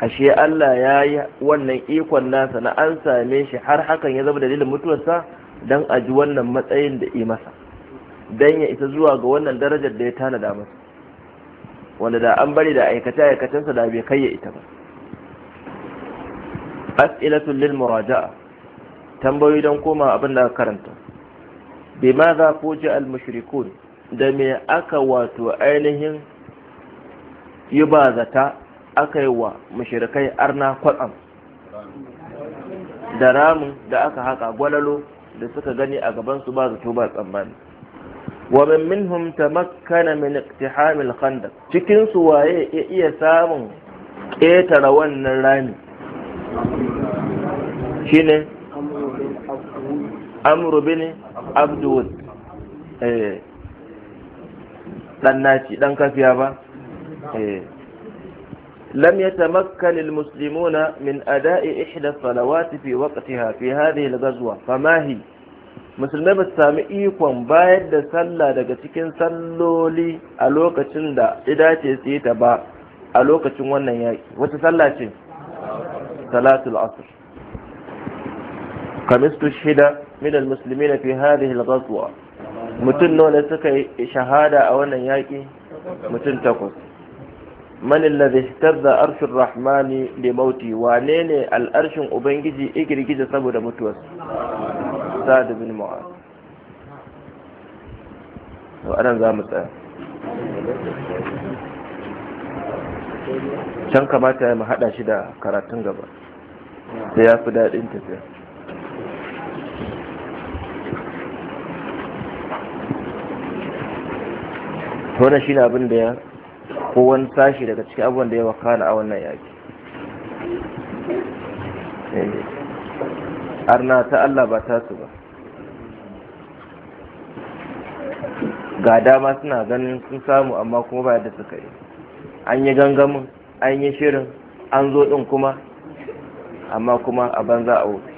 ashe Allah ya yi wannan ikon nasa na an same shi har hakan ya zama dalilin mutuwarsa don a ji wannan matsayin da yi masa don ya isa zuwa ga wannan darajar da ya tanada masa wanda da an bari da aikata aikatansa da bai kai ya ita ba as'ilatul lil muraja'a tambayoyi don koma abin da karanta bi ma za ku ji al mushrikun da me aka wato ainihin yi ba zata aka yi wa mushrikai arna kwatsam da ramin da aka haka gwalalo da suka gani a gaban su ba zato ba tsammani wa man minhum tamakkana min iqtiham al cikin su waye ya iya samun ƙetare wannan rami shine amru bin abdul eh dan naci dan kafiya ba eh لم يتمكن المسلمون من أداء إحدى الصلوات في وقتها في هذه الغزوة فما هي musulmai ba su sami ikon bayar da sallah daga cikin salloli a lokacin da ida ce su yi ta ba a lokacin wannan yaki wata sallah ce salatul asr kamistu shida musulmi na fi hadhihi alghazwa mutum nawa ne suka yi shahada a wannan yaki mutum takwas من الذي اهتز arshur الرحمن لموتي mauti wane ne al'arshin ubangiji igirgije saboda sa'ad bin mu'az to anan za mu tsaya can kamata mu hada shi da karatun gaba da ya fi daɗin tafiya wannan shi ne abin da ya ko wani sashi daga cikin abubuwan da ya wakana a wannan yaƙi eh. arna ta Allah ba tasu ba ga dama suna ganin sun samu amma kuma ba da suka yi an yi gangamin an yi shirin an zo din kuma amma kuma a banza a wuce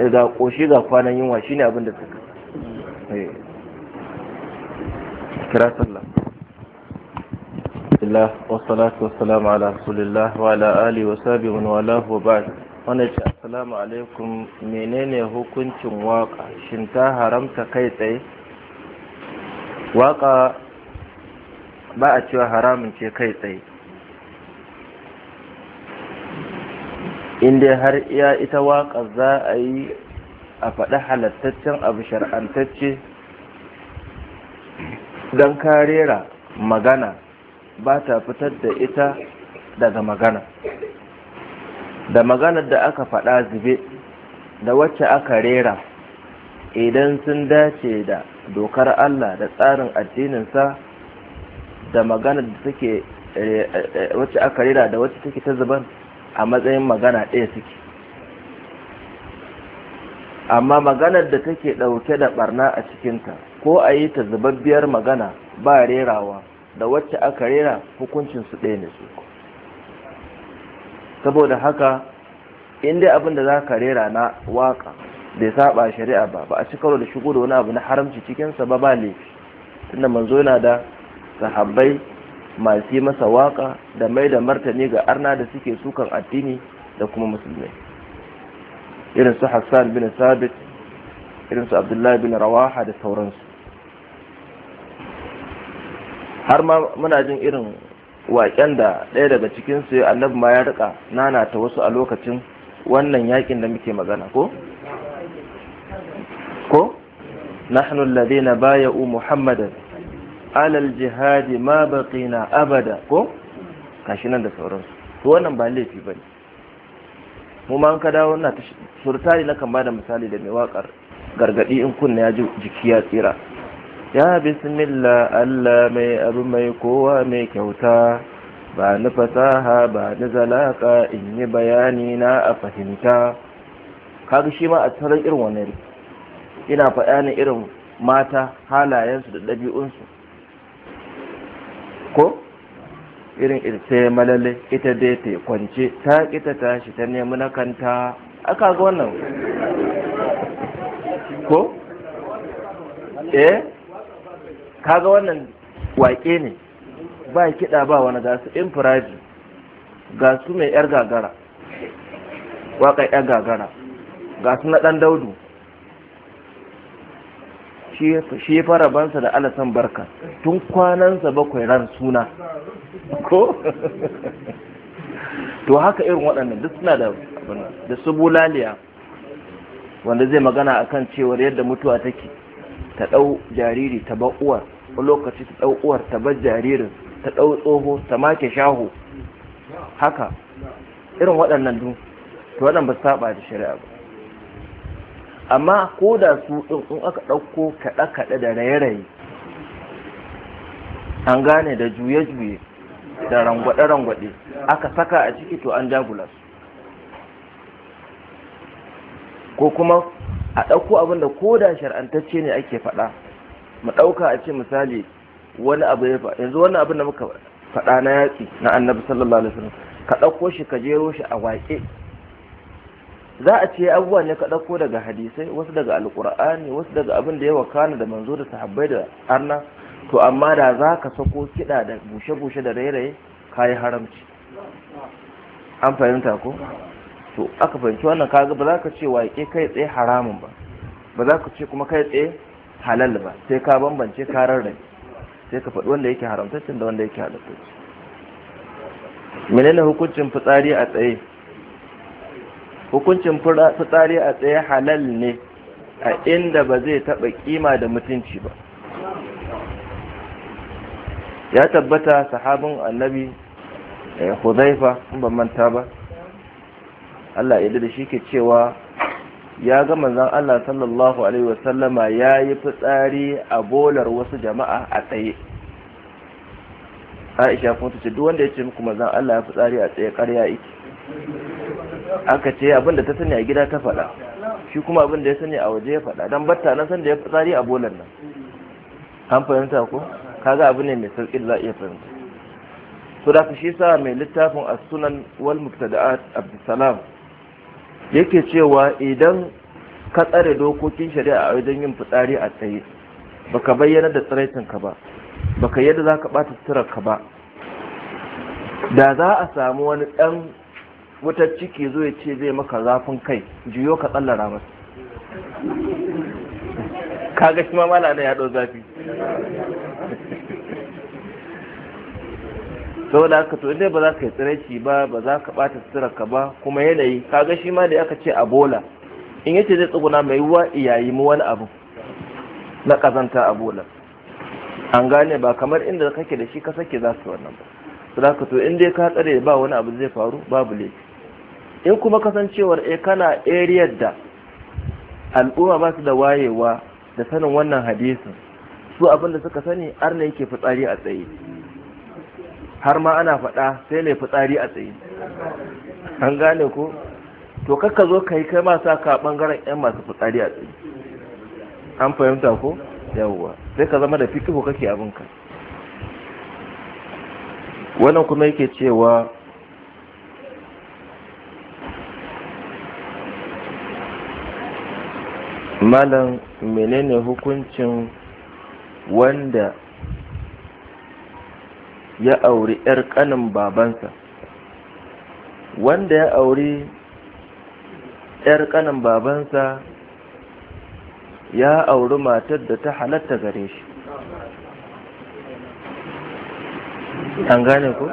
eh, ga koshi ga kwanan yunwa shine abin da suka eh. kira sallah Allah wasalatu wasalamu ala rasulillah wa ala wa sahbihi wa wala wa ba'd wannan ce assalamu alaikum menene hukuncin waka shin ta haramta kai tsaye Waƙa ba a cewa haramun ce kai tsaye inda har iya ita waƙa za a yi a faɗi halattaccen abu shar'antacce don karera magana ba ta fitar da ita daga magana da maganar da aka faɗa zube da wacce aka rera idan sun dace da dokar Allah da tsarin addininsa da magana da suke eh, eh, eh, wacce aka rira da wacce take ta zuban a matsayin magana ɗaya suke amma maganar da take ɗauke da barna a cikinta ko a yi ta zubabbiyar magana ba rerawa da wacce aka rera hukuncin su ɗaya ne su saboda haka inda abin da za ka rera na waka bai saba shari'a ba ba a ci karo da shigo da wani abu na haramci cikinsa ba ba ne, tunda manzo yana da sahabbai masu masa waka da mai da martani ga arna da suke sukan addini da kuma musulmai irin su hassan bin sabit irin su abdullahi bin rawaha da sauransu har ma muna jin irin waken da ɗaya daga cikinsu annabi ma ya rika nana ta wasu a lokacin wannan yakin da muke magana ko نحن الذين بايعوا محمدا على الجهاد ما بقينا ابدا كو كاشين da سورن to wannan ba laifi bane mu ma an ka dawo na ta surtari na kan bada misali da mai wakar gargadi in kunna ya ji jiki ya tsira ya bismillah Allah mai abu mai kowa mai kyauta ba ni fasaha ba ni zalaka in yi bayani na a fahimta kaga shi ma a tsaron irin wannan ina faɗa ne irin mata halayensu da ɗabi'unsu ko irin irce malalle ita dai ta kwance ta ita tashi ta nemi na kanta aka ga wannan ko eh kaga wannan waƙe ne ba kiɗa ba wani gasu infiraji gasu mai yar gagara waƙar yar gagara gasu na ɗan daudu shi ya fara bansa da alasan barka tun kwanansa bakwai ran suna ko to haka irin waɗannan duk suna da da laliya wanda zai magana akan cewar yadda mutuwa take ta ɗau jariri ta bar uwar lokaci ta ɗau uwar ta bar jaririn ta ɗau tsoho ta make shaho haka irin waɗannan duk to waɗannan ba saba da shari'a ba amma ko da su in aka ɗauko kaɗe-kaɗe da raye-raye an gane da juye-juye da rangwaɗe-rangwaɗe aka saka a ciki to an jagula su ko kuma a ɗauko abinda ko da shar'antacce ne ake faɗa mu ɗauka a ce misali wani abu ya faɗa yanzu wani abin da muka faɗa na yaƙi na annabi sallallahu alaihi wasallam ka ɗauko shi ka jero shi a waƙe za a ce abubuwa ne ka ɗauko daga hadisai wasu daga alkur'ani wasu daga abin da ya wakana da manzo da sahabbai da arna to amma da za ka sako kiɗa da bushe-bushe da rairaye ka yi haramci an fahimta ko to aka fahimci wannan kaga ba za ka ce ke kai tsaye haramun ba ba za ka ce kuma kai tsaye halal ba sai ka bambance ka rarrabe sai ka faɗi wanda yake haramtaccen da wanda yake halattacce menene hukuncin fitsari a tsaye hukuncin fitsari a tsaye halal ne a inda ba zai taɓa kima da mutunci ba ya tabbata sahabin annabi eh, huzaifa in ba manta ba Allah ya da shi ke cewa ya gama zan Allah sallallahu alaihi wasallama ya yi fitsari a bolar wasu jama'a a tsaye Aisha kuma ta ce duk wanda ya ce muku zan Allah ya fitsari a tsaye ƙarya iki aka ce abin da ta sani a gida ta faɗa shi kuma abin da ya sani a waje ya faɗa don batta na san da ya tsari a bolar nan an fahimta ko kaga abu ne mai sauƙi da za a iya fahimta Su da shi sa mai littafin a sunan wal muktada'at abdussalam yake cewa idan ka tsare dokokin shari'a a wajen yin fitsari a tsaye baka bayyana da tsiraitinka ba baka yadda za ka ɓata ka ba da za a samu wani ɗan wutar ciki zo ya ce zai maka zafin kai juyo ka tsallara Ka kaga shi ma malana ya ɗau zafi da haka to dai ba za ka yi tsiraici ba ba za ka ɓata suturarka ba kuma yanayi kaga shi ma da aka ce a bola in yace zai tsuguna mai wa iyayi mu wani abu na ƙazanta a bola an gane ba kamar inda kake da shi ka sake za su wannan ba su da to in dai ka tsare ba wani abu zai faru babu laifi in kuma kasancewar e kana ariyar da al'umma ba su da wayewa da sanin wannan hadisin su abinda suka sani har ne yake fitsari a tsaye har ma ana faɗa sai ne fitsari a tsaye an gane ko to kakka zo ka yi kai ma sa ka bangaren yan masu fitsari a tsaye an fahimta ko yawwa sai ka zama da fikihu kake abinka wannan kuma yake cewa malam menene hukuncin wanda ya auri 'yar kanin babansa wanda ya auri 'yar kanin babansa ya auri matar da ta halatta gare shi an gane ku?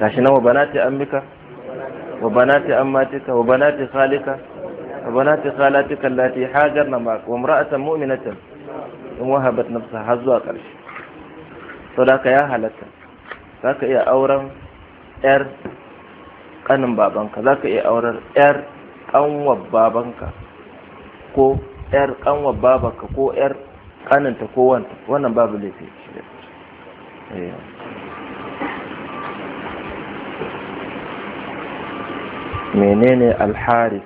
tashi nawa bana ce an bika? وبنات أماتك وبنات خالك وبنات خالاتك التي حاجرن معك وامرأة مؤمنة إن وهبت نفسها حظها قرش صداك يا هلتا ذاك يا أورا ‘yar ƙanin babanka za ka iya auren ‘yar ƙanwar babanka ko ‘yar ƙanwar babanka ko ‘yar ƙaninta ko wannan babu laifi menene alharis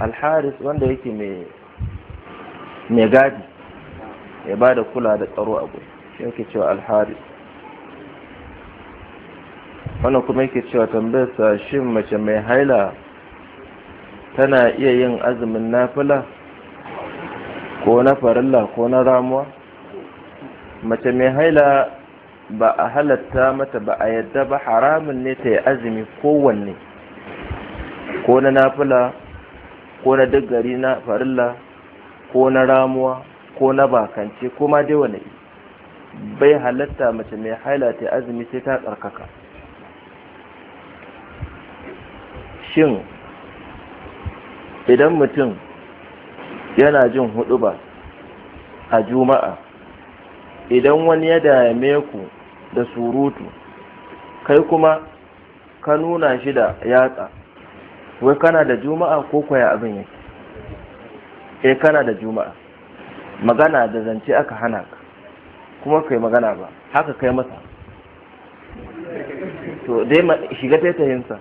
alharis wanda yake mai gadi ya ba kula da tsaro a gudu shi yake cewa alharis wannan kuma yake cewa tambayarsa shin mace mai haila tana iya yin azumin nafila ko na farilla ko na ramuwa mace mai haila ba a halatta mata ba a yadda ba haramun ne ta yi azumi kowanne ko na nafila ko na duk gari na farilla ko na ramuwa ko na bakance ko ma dai wani bai halatta mace mai haila ta azumi sai ta tsarkaka shin idan mutum yana jin ba a juma'a idan wani ya dame ku da surutu kai kuma ka nuna shi da yatsa wai kana da juma'a ko kwaya abin yake eh kana da juma'a magana da zance aka hana ka kuma kai magana ba haka kai masa to dai shiga taitayinsa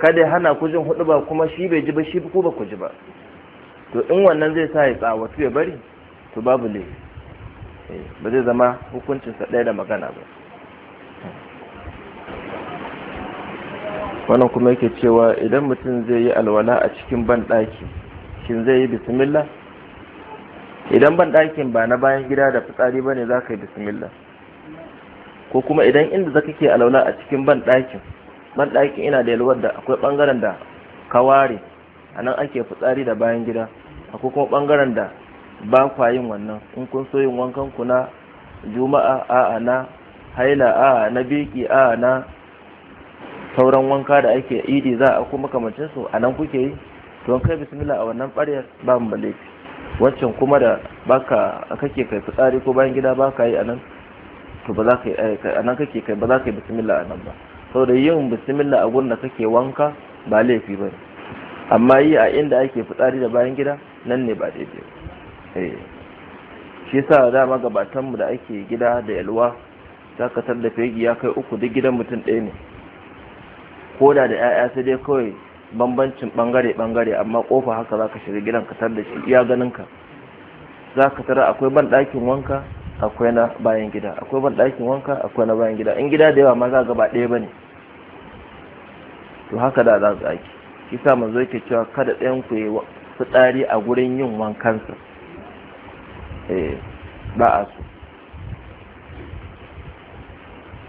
kada hana ku jin hudu ba kuma shi bai ji ba shi ku ba ku ji ba to in wannan zai sa ya tsawatu ya bari to babu le. Eh, ba zai zama hukuncinsa ɗaya da magana ba wannan kuma yake cewa idan mutum zai yi alwala a cikin banɗaki shin zai yi bismillah idan banɗakin ba na bayan gida da fitsari ba ne za ka yi bismillah ko kuma idan inda za ke alwala a cikin banɗakin banɗakin ina da yalwar da akwai ɓangaren da ka ware a nan ake fitsari da bayan gida akwai kuma ɓangaren da ba kwa yin wannan in kun so yin wankan ku na juma'a a'a na haila a'a na biki a'a na sauran wanka da ake idi za a kuma kamancin su a nan kuke yi to kai bismillah a wannan ɓaryar ba mu laifi waccan kuma da baka kake kai fitsari ko bayan gida baka yi a nan to ba za ka yi eh, a nan kake kai ba za ka yi bismillah a nan ba saboda yin bismillah a gurin da kake wanka ba laifi ba amma yi a inda ake fitsari da bayan gida nan ne ba daidai eh shi sa dama gabatanmu da ake gida da yalwa za ka tallafe ya kai uku duk gidan mutum ɗaya ne ko da da 'ya'ya sai dai kawai bambancin bangare-bangare amma kofa haka za ka shiga gidan ka tar da shi iya ganin ka za ka tara akwai ban ɗakin wanka akwai na bayan gida akwai ban ɗakin wanka akwai na bayan gida in gida da yawa ma za ga ba ɗaya ba ne to haka da za aiki shi sa manzo yake cewa kada ɗayan ku yi fitsari a gurin yin wankansa eh ba a so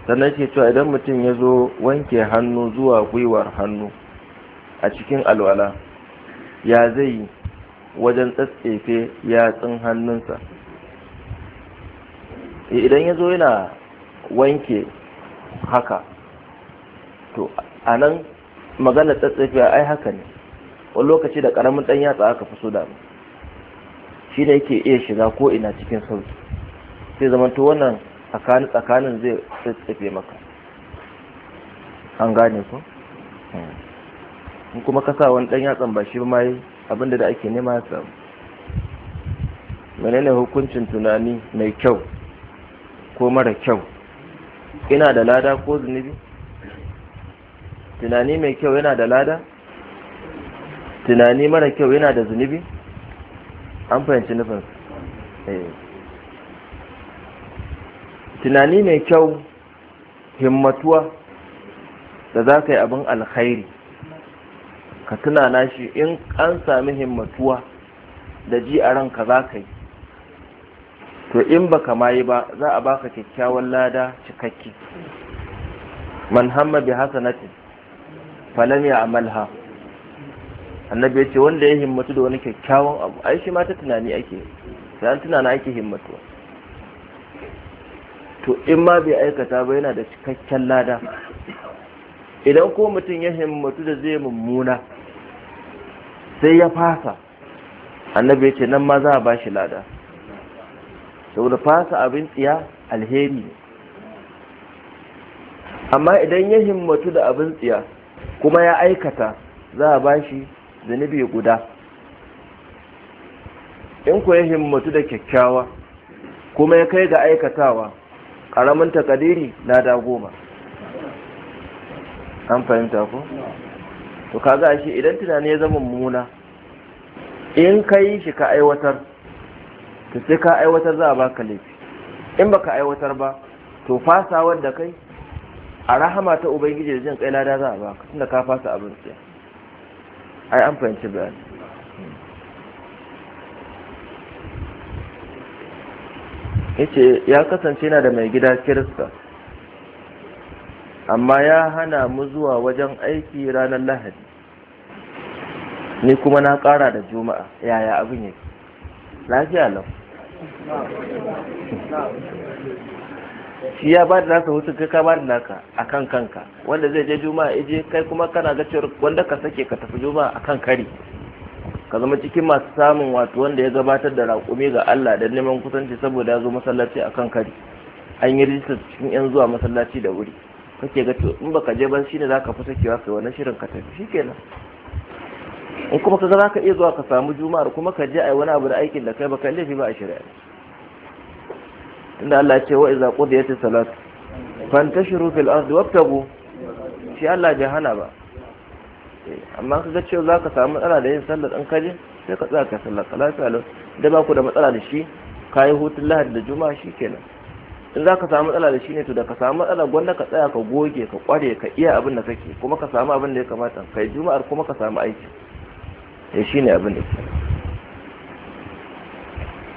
sannan ke cewa idan mutum ya zo wanke hannu zuwa gwiwar hannu a cikin alwala ya zai yi wajen tsatsefe yatsun hannunsa eh, idan ya zo yana wanke haka to a nan tsatsefe a ai haka ne wani lokaci da karamin ɗan yatsa aka fi so da shi ne yake iya shiga ko ina cikin sauki sai zamanto wannan tsakanin tsakanin zai tsatsafe maka an gane ku hmm. in kuma ka sa wani dan yatsan ba shi ma yi abinda da ake nema ya samu menene hukuncin tunani mai kyau ko mara kyau ina da lada ko zunubi tunani mai kyau yana da lada tunani mara kyau yana da zunubi an fahimci nufinsa eh. tunani mai kyau himmatuwa da za ka yi abin alkhairi ka na shi in an sami himmatuwa da ji a ranka za ka yi to in baka mayi yi ba za a baka kyakkyawan lada cikakke man hamma bi hasanatin falam ya amalha annabi ya ce wanda ya himmatu da wani kyakkyawan abu ai shi ma ta tunani ake sai an tunana ake himmatuwa to in ma bai aikata ba yana da cikakken lada idan ko mutum ya himmatu da zai mummuna sai ya fasa annabi ya ce nan ma za a ba shi lada saboda fasa abin tsiya alheri amma idan ya himmatu da abin tsiya kuma ya aikata za a ba shi zunubi guda in ku ya himmatu da kyakkyawa kuma ya kai ga aikatawa ƙaramin takadiri lada goma an fahimta ko to kaga ashe idan tunani ya zama mummuna in ka yi shi ka aiwatar to sai ka aiwatar za a baka laifi in baka aiwatar ba to fasa wadda kai a rahama ta ubangiji da jin kai lada za a baka tunda ka fasa abin sai ai an fahimci bayani yace ya kasance yana da mai gida kirista amma ya hana mu zuwa wajen aiki ranar lahadi ni kuma na ƙara da juma'a yaya abin yake lafiya lau shi ya ba da nasa hutun kai ka ba da naka a kan kanka wanda zai je juma'a ije kai kuma kana ga cewar wanda ka sake ka tafi juma'a a kan kari ka zama cikin masu samun wato wanda ya gabatar da raƙumi ga Allah da neman kusanci saboda ya zo masallaci a kan kari an yi rijistar cikin yan zuwa masallaci da wuri kake ga to in baka je ba shi ne za ka fi sakewa kai wannan shirin ka tafi kenan in kuma ka za ka iya zuwa ka samu juma'ar kuma ka je ai wani abu da aikin da kai baka laifi ba a shirya inda Allah ya ce wa iza qudiyatis salat fantashiru fil ardi wabtagu shi Allah jahana hana ba Eh, amma ka ga cewa za ka samu matsala da yin sallar ɗan kaje sai ka tsaka ka sallar ka lafiya lau da ba ku da matsala da shi ka yi hutun lahadi da juma'a shi kenan in za ka samu matsala da shi ne to da ka samu matsala gwanda ka tsaya ka goge ka kware ka iya abin da kake kuma ka samu abin da ya kamata ka yi juma'ar kuma ka samu aiki ya eh, shi ne abin da ke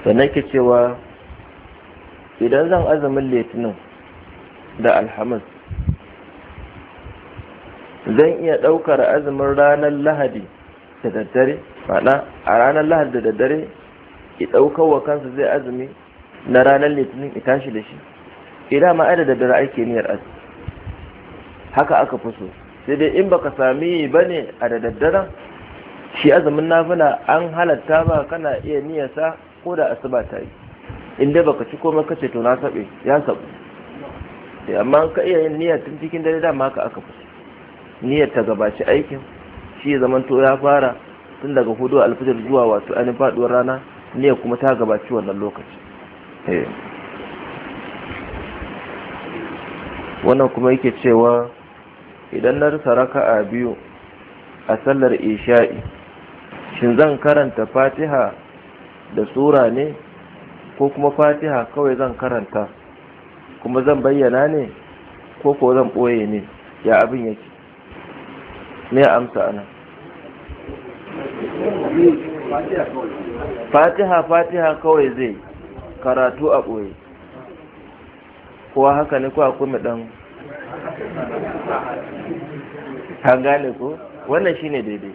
sannan ke cewa idan zan azumin litinin da alhamis zan iya ɗaukar azumin ranar lahadi da daddare ma'ana a ranar lahadi da daddare ki ɗaukar wa kansa zai azumi na ranar litinin ki tashi da shi idan eh, ma da daddare ake niyyar azumi haka aka fi so sai dai in baka sami ba ne a da daddaren shi azumin nafila an halatta ba kana iya niyyarsa ko da asuba ta yi in dai baka ci komai kace to na sabe ya saɓu eh, amma ka iya yin niyyar tun cikin dare dama haka aka fi niyyar ta gabaci aikin shi zamanto ya fara tun daga hudu alfajar zuwa wato ainihin faduwar rana niyyar kuma ta gabaci wannan lokaci eh. wannan kuma yake cewa idan na rasa a biyu a sallar isha'i shin zan karanta fatiha da sura ne ko kuma fatiha kawai zan karanta kuma zan bayyana ne ko ko zan boye ne ya abin yake me amsa ana fatiha fatiha kawai zai karatu a ɓoye kowa haka ne kuwa kuma ɗan an gane ko wannan shine daidai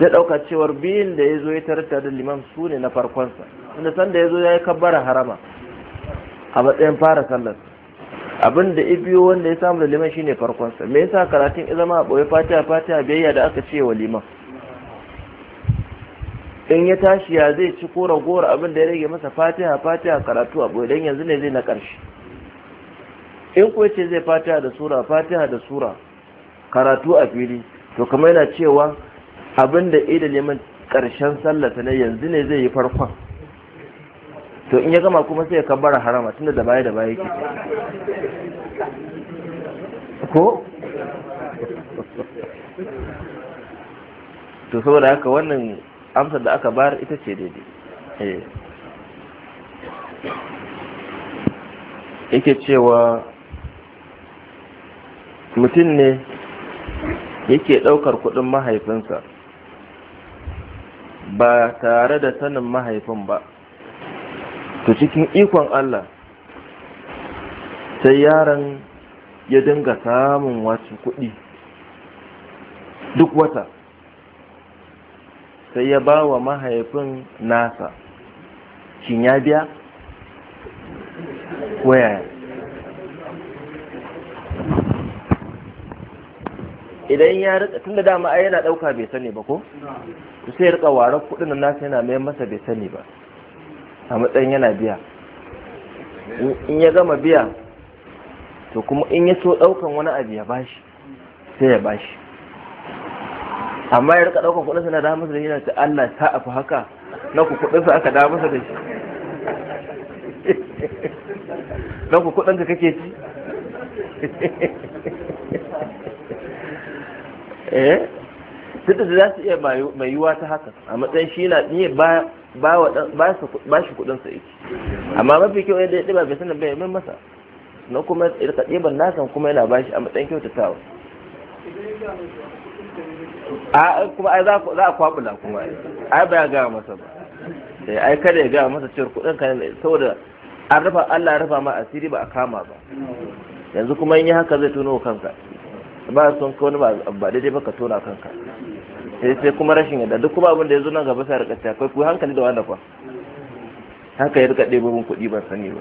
zai ɗauka cewar biyun da ya zo ya tarata da liman su ne na farkonsa inda sanda ya zo ya yi kabbara harama a matsayin fara sallar abinda da ibiyo wanda ya samu da liman shine farkon sa me yasa karatun izama zama a boye fatiha fatiha biyayya da aka ce wa liman in ya tashi ya zai ci kora gora abin da ya rage masa fatiha fatiha karatu a boye dan yanzu ne zai na karshe in ko ce zai fatiha da sura fatiha da sura karatu a fili to kamar yana cewa abin da liman karshen sallata ne yanzu ne zai yi farkon to in ya gama kuma sai ya kabbara harama tunda da baya da baya yake ko to saboda haka wannan amsar da aka bayar ita ce daidai eh. yake cewa mutum ne yake ɗaukar kuɗin mahaifinsa ba tare da sanin mahaifin ba to cikin ikon Allah sai yaran ya dinga samun wasu kuɗi duk wata sai ya ba wa mahaifin nasa shin ya biya waya idan ya rika tun da dama a yana ɗauka bai sani ba ko sai ya rika warar kuɗin nasa yana mai masa bai sani ba a matsayin yana biya in ya gama biya to kuma in ya so ɗaukan wani abu ya bashi sai ya bashi amma ya rika ɗaukan kuɗinsa na damar da yana ta Allah ta afi haka na ku kuɗinsa aka damar da shi na ku kuɗinka kake ci eh duk da za su iya mai yuwa ta haka a matsayin shi na iya baya ba shi kudin sa yake amma mafi kyau yadda ya ɗiba bai sanin bai min masa na kuma ya ɗiban nasan kuma yana bashi a matsayin kyautatawa a kuma ai za a kwabula kuma ai ba ya gaya masa ba eh, ai kada ya gaya masa cewar kudin ka ne saboda an rufa Allah ya rufa ma asiri ba a kama ba yanzu kuma in yi haka zai tono kanka ba son ka ba ba daidai ba ka tona kanka sai eh, sai kuma rashin yadda duk kuma abin da ya zo nan gaba sai rika ta ku hankali da wannan fa haka ya rika debo min kuɗi ban sani ba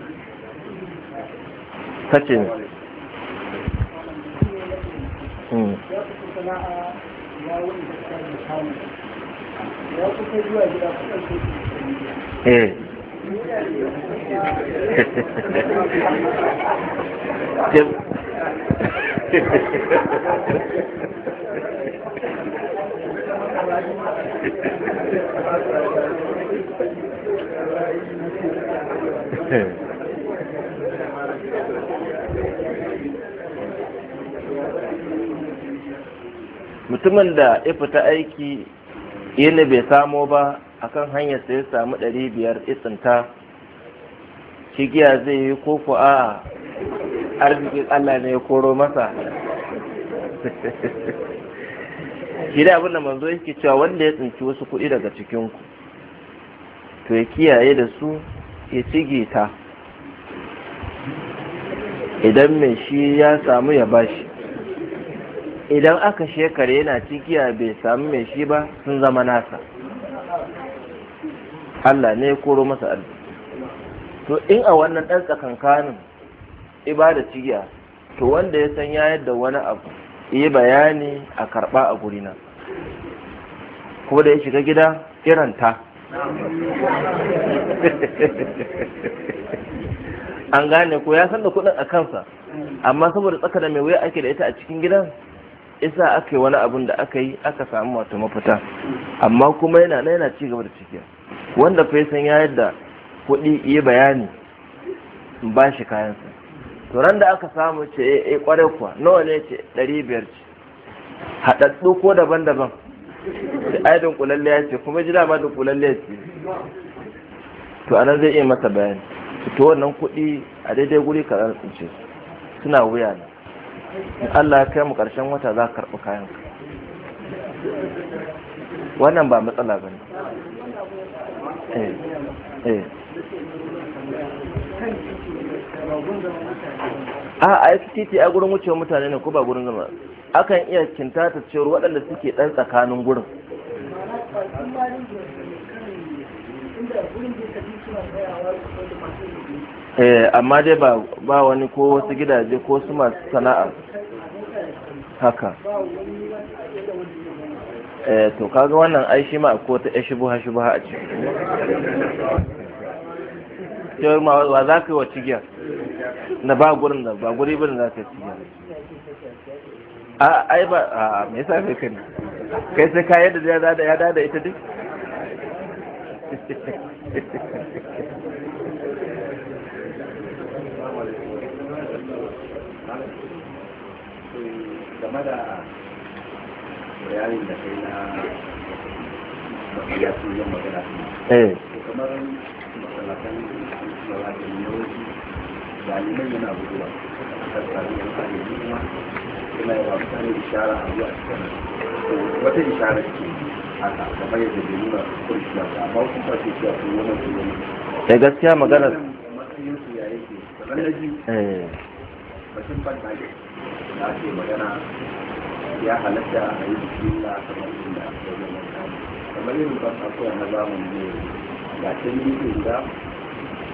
sace ne hmm. eh mutumin da ya fita aiki yana bai samo ba akan hanyar sai ya samu ɗari biyar itsinta shigiya zai yi ko a arzikin allah ne ya koro masa shi da abin da manzo yake cewa wanda ya tsinci wasu kuɗi daga cikin ku to ya kiyaye da su ya cige ta idan mai shi ya samu ya bashi idan aka shekare yana cikiya bai samu mai shi ba sun zama nasa Allah ne ya koro masa arziki to in a wannan ɗan tsakankanin ibada cigiya to wanda ya san ya yadda wani abu yi bayani a karba a guri gurina ko da ya shiga gida iranta an gane ko ya san da kuɗin a kansa amma saboda tsaka da mai wuya ake da ita a cikin gidan isa aka yi wani abun da aka yi aka samu wato mafita amma kuma yana na yana cigaba da cikin wanda fesan san ya yadda kuɗi iya bayani ba shi kayansa to ran da aka samu ce eh kware eh, kuwa nawa ne ce ɗari biyar ce haɗaɗɗu ko daban-daban da ai kulalle ya ce kuma ji dama ya ce to a nan zai iya masa bayani to wannan kuɗi a daidai guri ka tsince suna wuya ne in Allah ya kai mu ƙarshen wata za ka karɓi kayan wannan ba matsala ba ne eh eh a a titi a gurin wucewa mutane ne ko ba gurin zama akan iya ta cewar waɗanda suke ɗan tsakanin gurin eh, amma dai ba wani ko wasu gidaje ko su masu sana'a haka eh, to kaga wannan ai shi ma ko ta shubuha shubuha a ciki cewar ma wa za ka yi wa cigiyar na ba gurin da ba guri bane za ka yi cigiyar a ai ba a me yasa kai kai kai sai ka yadda ya dada ya dada ita duk game da bayanin da kai na ya su yin magana eh. kamar masallatan zalimai yana a tattare da yi girma yana yi wa mutane ishara a zuwa cikin wata ishara ce haka kamar yadda bai nuna kurkiya ba amma wasu ba ce cewa ko wani ko wani da gaskiya magana matsayin su ya yake sannan na ji. Bakin ban da na ce magana ya halatta a yi bismillah kamar inda kamar yin ban akwai na zamani ne ga can yi guda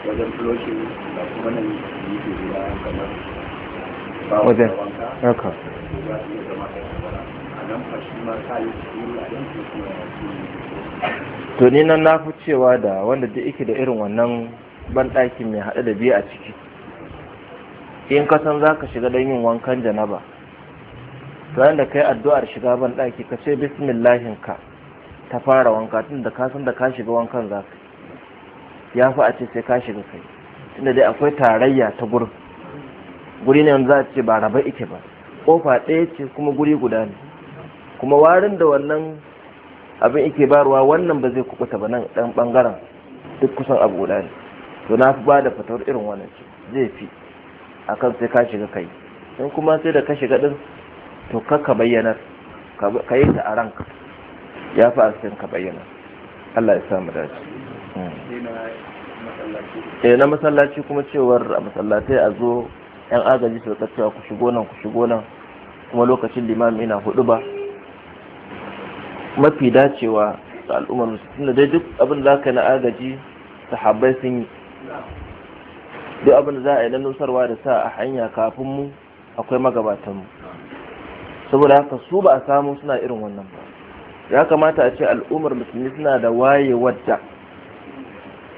wajen floshin da kuma nan yi ke guda kamar wajen haka to ni nan na fi cewa da wanda duk yake da irin wannan banɗakin mai haɗe da biyu a ciki in ka san za ka shiga don yin wankan janaba bayan da kai addu'ar shiga banɗaki ka ce bismillahinka ta fara wanka tun da ka san da ka shiga wankan za ka ya fi a ce sai ka shiga kai tunda dai akwai tarayya ta gurin guri ne yanzu za ce ba raba ike ba kofa ɗaya ce kuma guri guda ne kuma warin da wannan abin ike barwa wannan ba zai kubuta ba nan ɗan ɓangaren duk kusan abu guda ne to na fi ba da fatawar irin wannan ce zai fi a kan sai ka shiga kai in kuma sai da ka shiga ɗin to ka bayyanar ka yi ta a ranka ya fi a ka bayyana Allah ya samu dace eh na masallaci kuma cewar a masallatai a zo yan agaji su da cewa ku shigo nan ku shigo nan kuma lokacin limami yana hudu ba mafi dacewa ga al'ummar musulmi da duk abin da zaka na agaji sahabbai sun yi duk abin da za a yi na nusarwa da sa a hanya kafin mu akwai magabatan saboda haka su ba a samu suna irin wannan ba ya kamata a ce al'ummar musulmi suna da wayewar da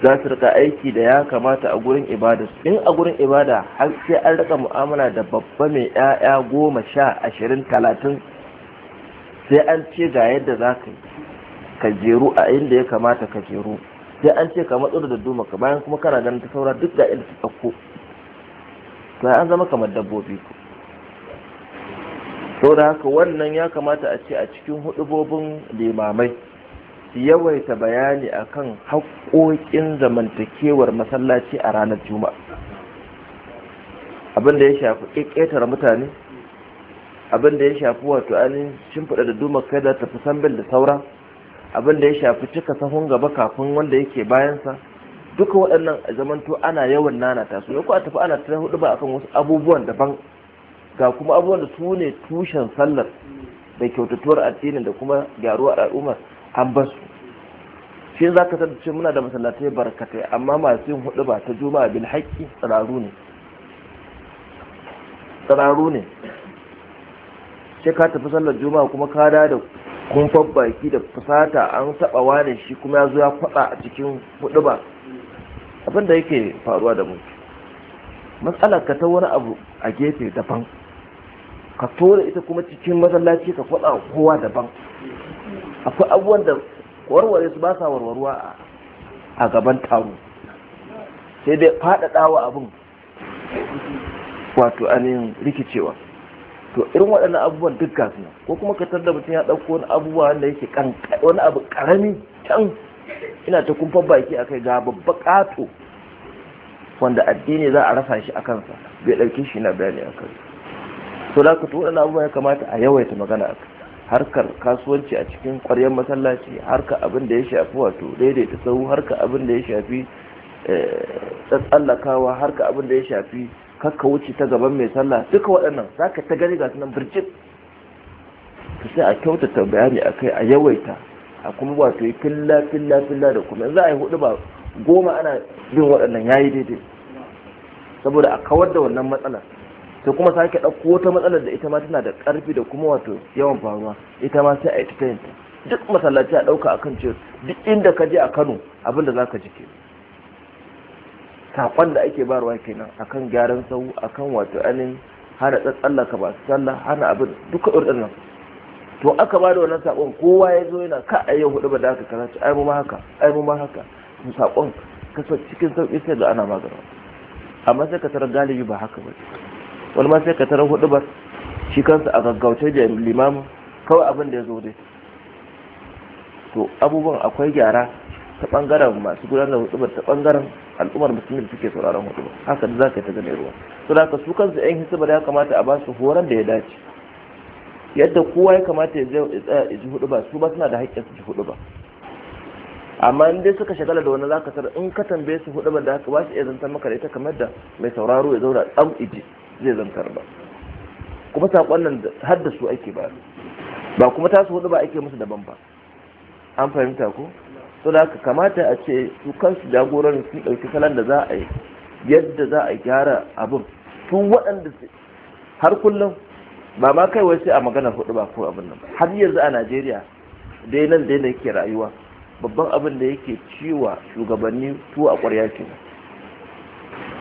za su rika aiki da ya kamata a gurin ibada in a gurin ibada har sai an rika mu'amala da babba mai 'ya'ya goma sha ashirin talatin sai an ce ga yadda za ka yi ka jeru a inda ya kamata ka jeru sai an ce ka matsu da dadduma ka bayan kuma kana ganin ta saura duk da inda ta ɗauko to an zama kamar dabbobi sau saboda haka wannan ya kamata a ce a cikin hudubobin limamai yawaita bayani akan haƙoƙin zamantakewar masallaci a ranar juma'a abin da ya shafi ƙeƙetar mutane abin da ya shafi wato ainihin shimfiɗa da duma kai da tafi sambil da saura abin da ya shafi cika sahun gaba kafin wanda yake bayansa duka waɗannan zamanto ana yawan ta. su yau a tafi ana ta hudu ba akan wasu abubuwan daban ga kuma abubuwan da su ne tushen sallar da kyautatuwar addinin da kuma gyaruwar al'ummar abbasu shi za ka tattace muna da masallatai barkatai amma masu yin hudu ba ta juma'a bil haƙƙi tsararu ne tsararru ne sai ka tafi sallar juma kuma ka da da kumfan baki da fusata an taɓa wane shi kuma ya zo ya kwaɗa a cikin hudu ba abin da yake faruwa da mu matsalar ka ta wani abu a gefe daban ka tura ita kuma cikin masallaci ka kwaɗa kowa daban akwai abubuwan da warware su ba sa warwarwa a gaban taro sai dai faɗaɗa wa abin wato ainihin rikicewa to irin waɗannan abubuwan duk gasu nan ko kuma ka tarda mutum ya ɗauko wani abubuwa wanda yake wani abu ƙarami can ina ta kumfan baki a kai ga babba ƙato wanda addini za a rasa shi a kansa bai ɗauki shi na bayani a kai to da ku to waɗannan abubuwa ya kamata a yawaita magana a kai harkar kasuwanci a cikin ƙwaryar masallaci harka abin da ya shafi wato daidaita sau harka abin da ya shafi eh, tsallakawa harka abin da ya shafi kakka wuce ta gaban mai sallah duka waɗannan za ka ta gani gasu nan birjit ta sai a kyautata bayani a kai a yawaita a kuma wato yi filla filla filla da kuma za a yi hudu ba goma ana bin waɗannan ya yi daidai saboda a kawar da wannan matsalar sai kuma sake ɗauko wata matsalar da ita ma tana da ƙarfi da kuma wato yawan faruwa ita ma sai a yi ta yanta duk masallaci a ɗauka akan ce duk inda ka je a kano abin da za ka ji ke saƙon da ake barwa kenan akan gyaran sau akan wato anin hana ka ba su sallah hana abin duka irin nan to aka ba da wannan saƙon kowa ya zo yana ka a hudu ba da aka kaza ai mu ma haka ai mu ma haka saƙon kasance cikin sauƙi sai da ana magana amma sai ka tarar galibi ba haka ba wani ma sai ka tarar hudu bar shi kansa a gaggauce da limamin kawai abin da ya zo dai to abubuwan akwai gyara ta bangaren masu gudanar da hudu ta bangaren al'ummar musulmi da suke sauraron hudu haka da za ka yi ta gane ruwa to da haka su kansu yan hisaba ya kamata a ba su horon da ya dace yadda kowa ya kamata ya tsaya ya ji hudu ba su ba suna da haƙƙin su ji hudu ba amma in dai suka shagala da wani ka tar in ka tambaye su hudu ba da haka ba su iya zantar maka da ita kamar da mai sauraro ya zauna tsam iji zai zantar ba kuma saƙon nan da su ake ba ba kuma tasu hudu ba ake musu daban ba an fahimta ko to da haka kamata a ce su kansu jagoran sun ɗauki salon da za a yi yadda za a gyara abin su waɗanda har kullum ba ma kai wai sai a magana hudu ba ko abin nan har yanzu a najeriya dai nan dai yake rayuwa babban abin da yake ciwa shugabanni tu a ƙwarya ke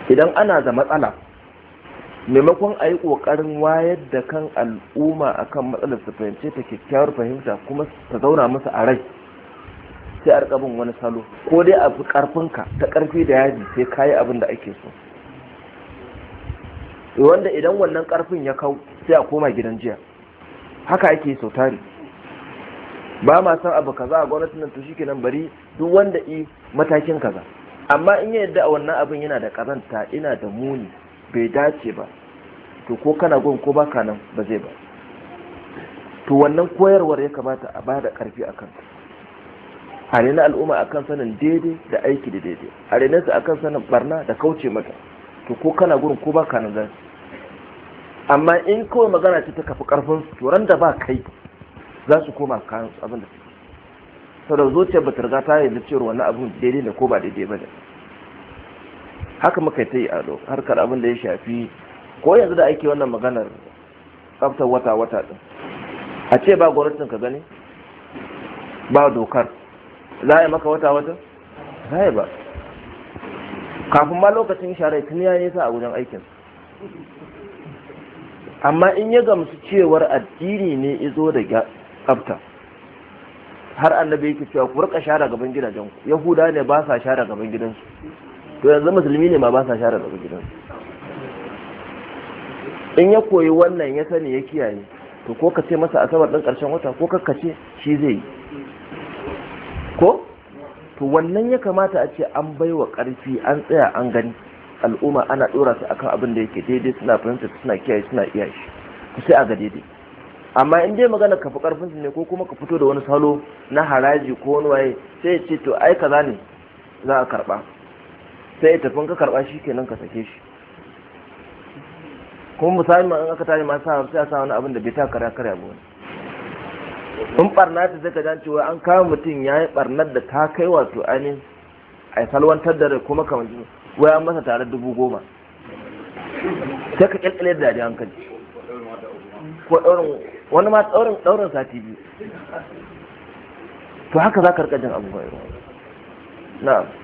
idan ana da matsala maimakon a yi ƙoƙarin wayar da kan al'umma a kan matsalar su fahimce ta kyakkyawar fahimta kuma ta zauna musu a rai sai a rikabin wani salo ko dai a fi ƙarfinka ta ƙarfi da yaji sai ka yi abin da ake so wanda idan wannan ƙarfin ya kau sai a koma gidan jiya haka ake sau tari ba ma san abu kaza a gwamnatin nan to nan bari duk wanda i matakin kaza amma in ya yadda a wannan abin yana da ƙazanta ina da muni bai dace ba to ko kana gun ko baka nan ba zai ba to wannan koyarwar ya kamata a bada karfi a kanta a rena al'umma akan sanin daidai da aiki da daidai a rena su akan sanin barna da kauce mata to ko kana gurin ko baka nan zai amma in kawai magana ce ta kafi karfin su to ran da ba kai za su koma kayan abin da suke da zuciyar ba ta riga ta yarda cewa wannan abin daidai da ko ba daidai ba ne haka muka ta yi ado harkar abin da ya shafi ko yanzu da ake wannan maganar tsaftar wata-wata din a ce ba gwamnatin ka gani ba dokar za a yi maka wata-wata za a yi ba kafin ma lokacin share tun ya nisa a wajen aikin amma in ya gamsu cewar addini ne izo da tsafta har annabi yake cewa ku rika share gaban gidajenku yahuda ne ba sa share gaban gidansu to yanzu musulmi ne ma ba sa share daga gidan in ya koyi wannan ya sani ya kiyaye to ko ka ce masa asabar ɗin ƙarshen wata ko ka ce shi zai yi ko to wannan ya kamata a ce an baiwa ƙarfi an tsaya an gani al'umma ana ɗora su akan abin da yake daidai suna fahimta suna kiyaye suna iya shi ku sai a ga daidai amma in dai magana ka fi ƙarfin su ne ko kuma ka fito da wani salo na haraji ko wani waye sai ya ce to ai kaza ne za a karɓa sai ya tafi ka karba shi kenan ka sake shi kuma misali ma in aka tare masu haram sai a sa wani abin da bai ta kare abu wani sun barna ta zai ka jan cewa an kama mutum ya yi barnar da ta kai wato ainihin a salwantar da kuma kamar wai an masa tare dubu goma sai ka kyalkyale da dariya hankali ko daurin wani ma daurin daurin sati biyu to haka za ka rika jin abubuwa na'am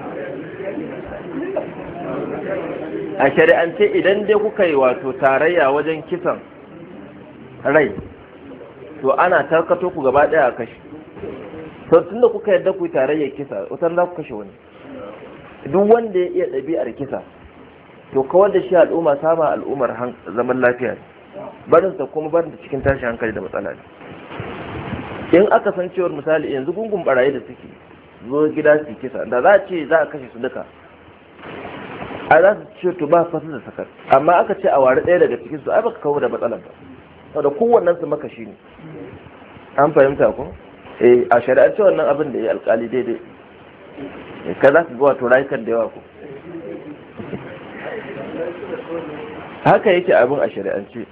a shari'ance idan dai kuka yi wato tarayya wajen kisan rai to ana tarkato ku gaba daya a kashe to da kuka yadda ku yi tarayyar kisa wutan za ku kashe wani duk wanda ya iya ɗabi'ar kisa to kawar da shi al'umma sama al'ummar zaman lafiya ne barinsa kuma barin da cikin tashin hankali da matsala ne in aka san cewar misali yanzu gungun barayi da suke zo gida su kisa da za a ce za a kashe su duka a za su ce to ba fasu da sakar amma aka ce a ware ɗaya daga cikinsu ai baka kawo da matsalar ba saboda kowannen su maka shi ne an fahimta ko eh a shari'ar ce wannan abin da ya alkali daidai eh, ka za su zuwa to rayukan da yawa ko haka yake abin a shari'ance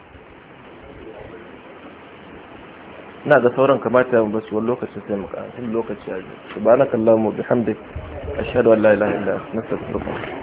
na ga sauran kamata mu basu wani lokacin sai muka lokacin lokaci a subhanakallahumma bihamdik ashhadu an la ilaha illa anta astaghfiruka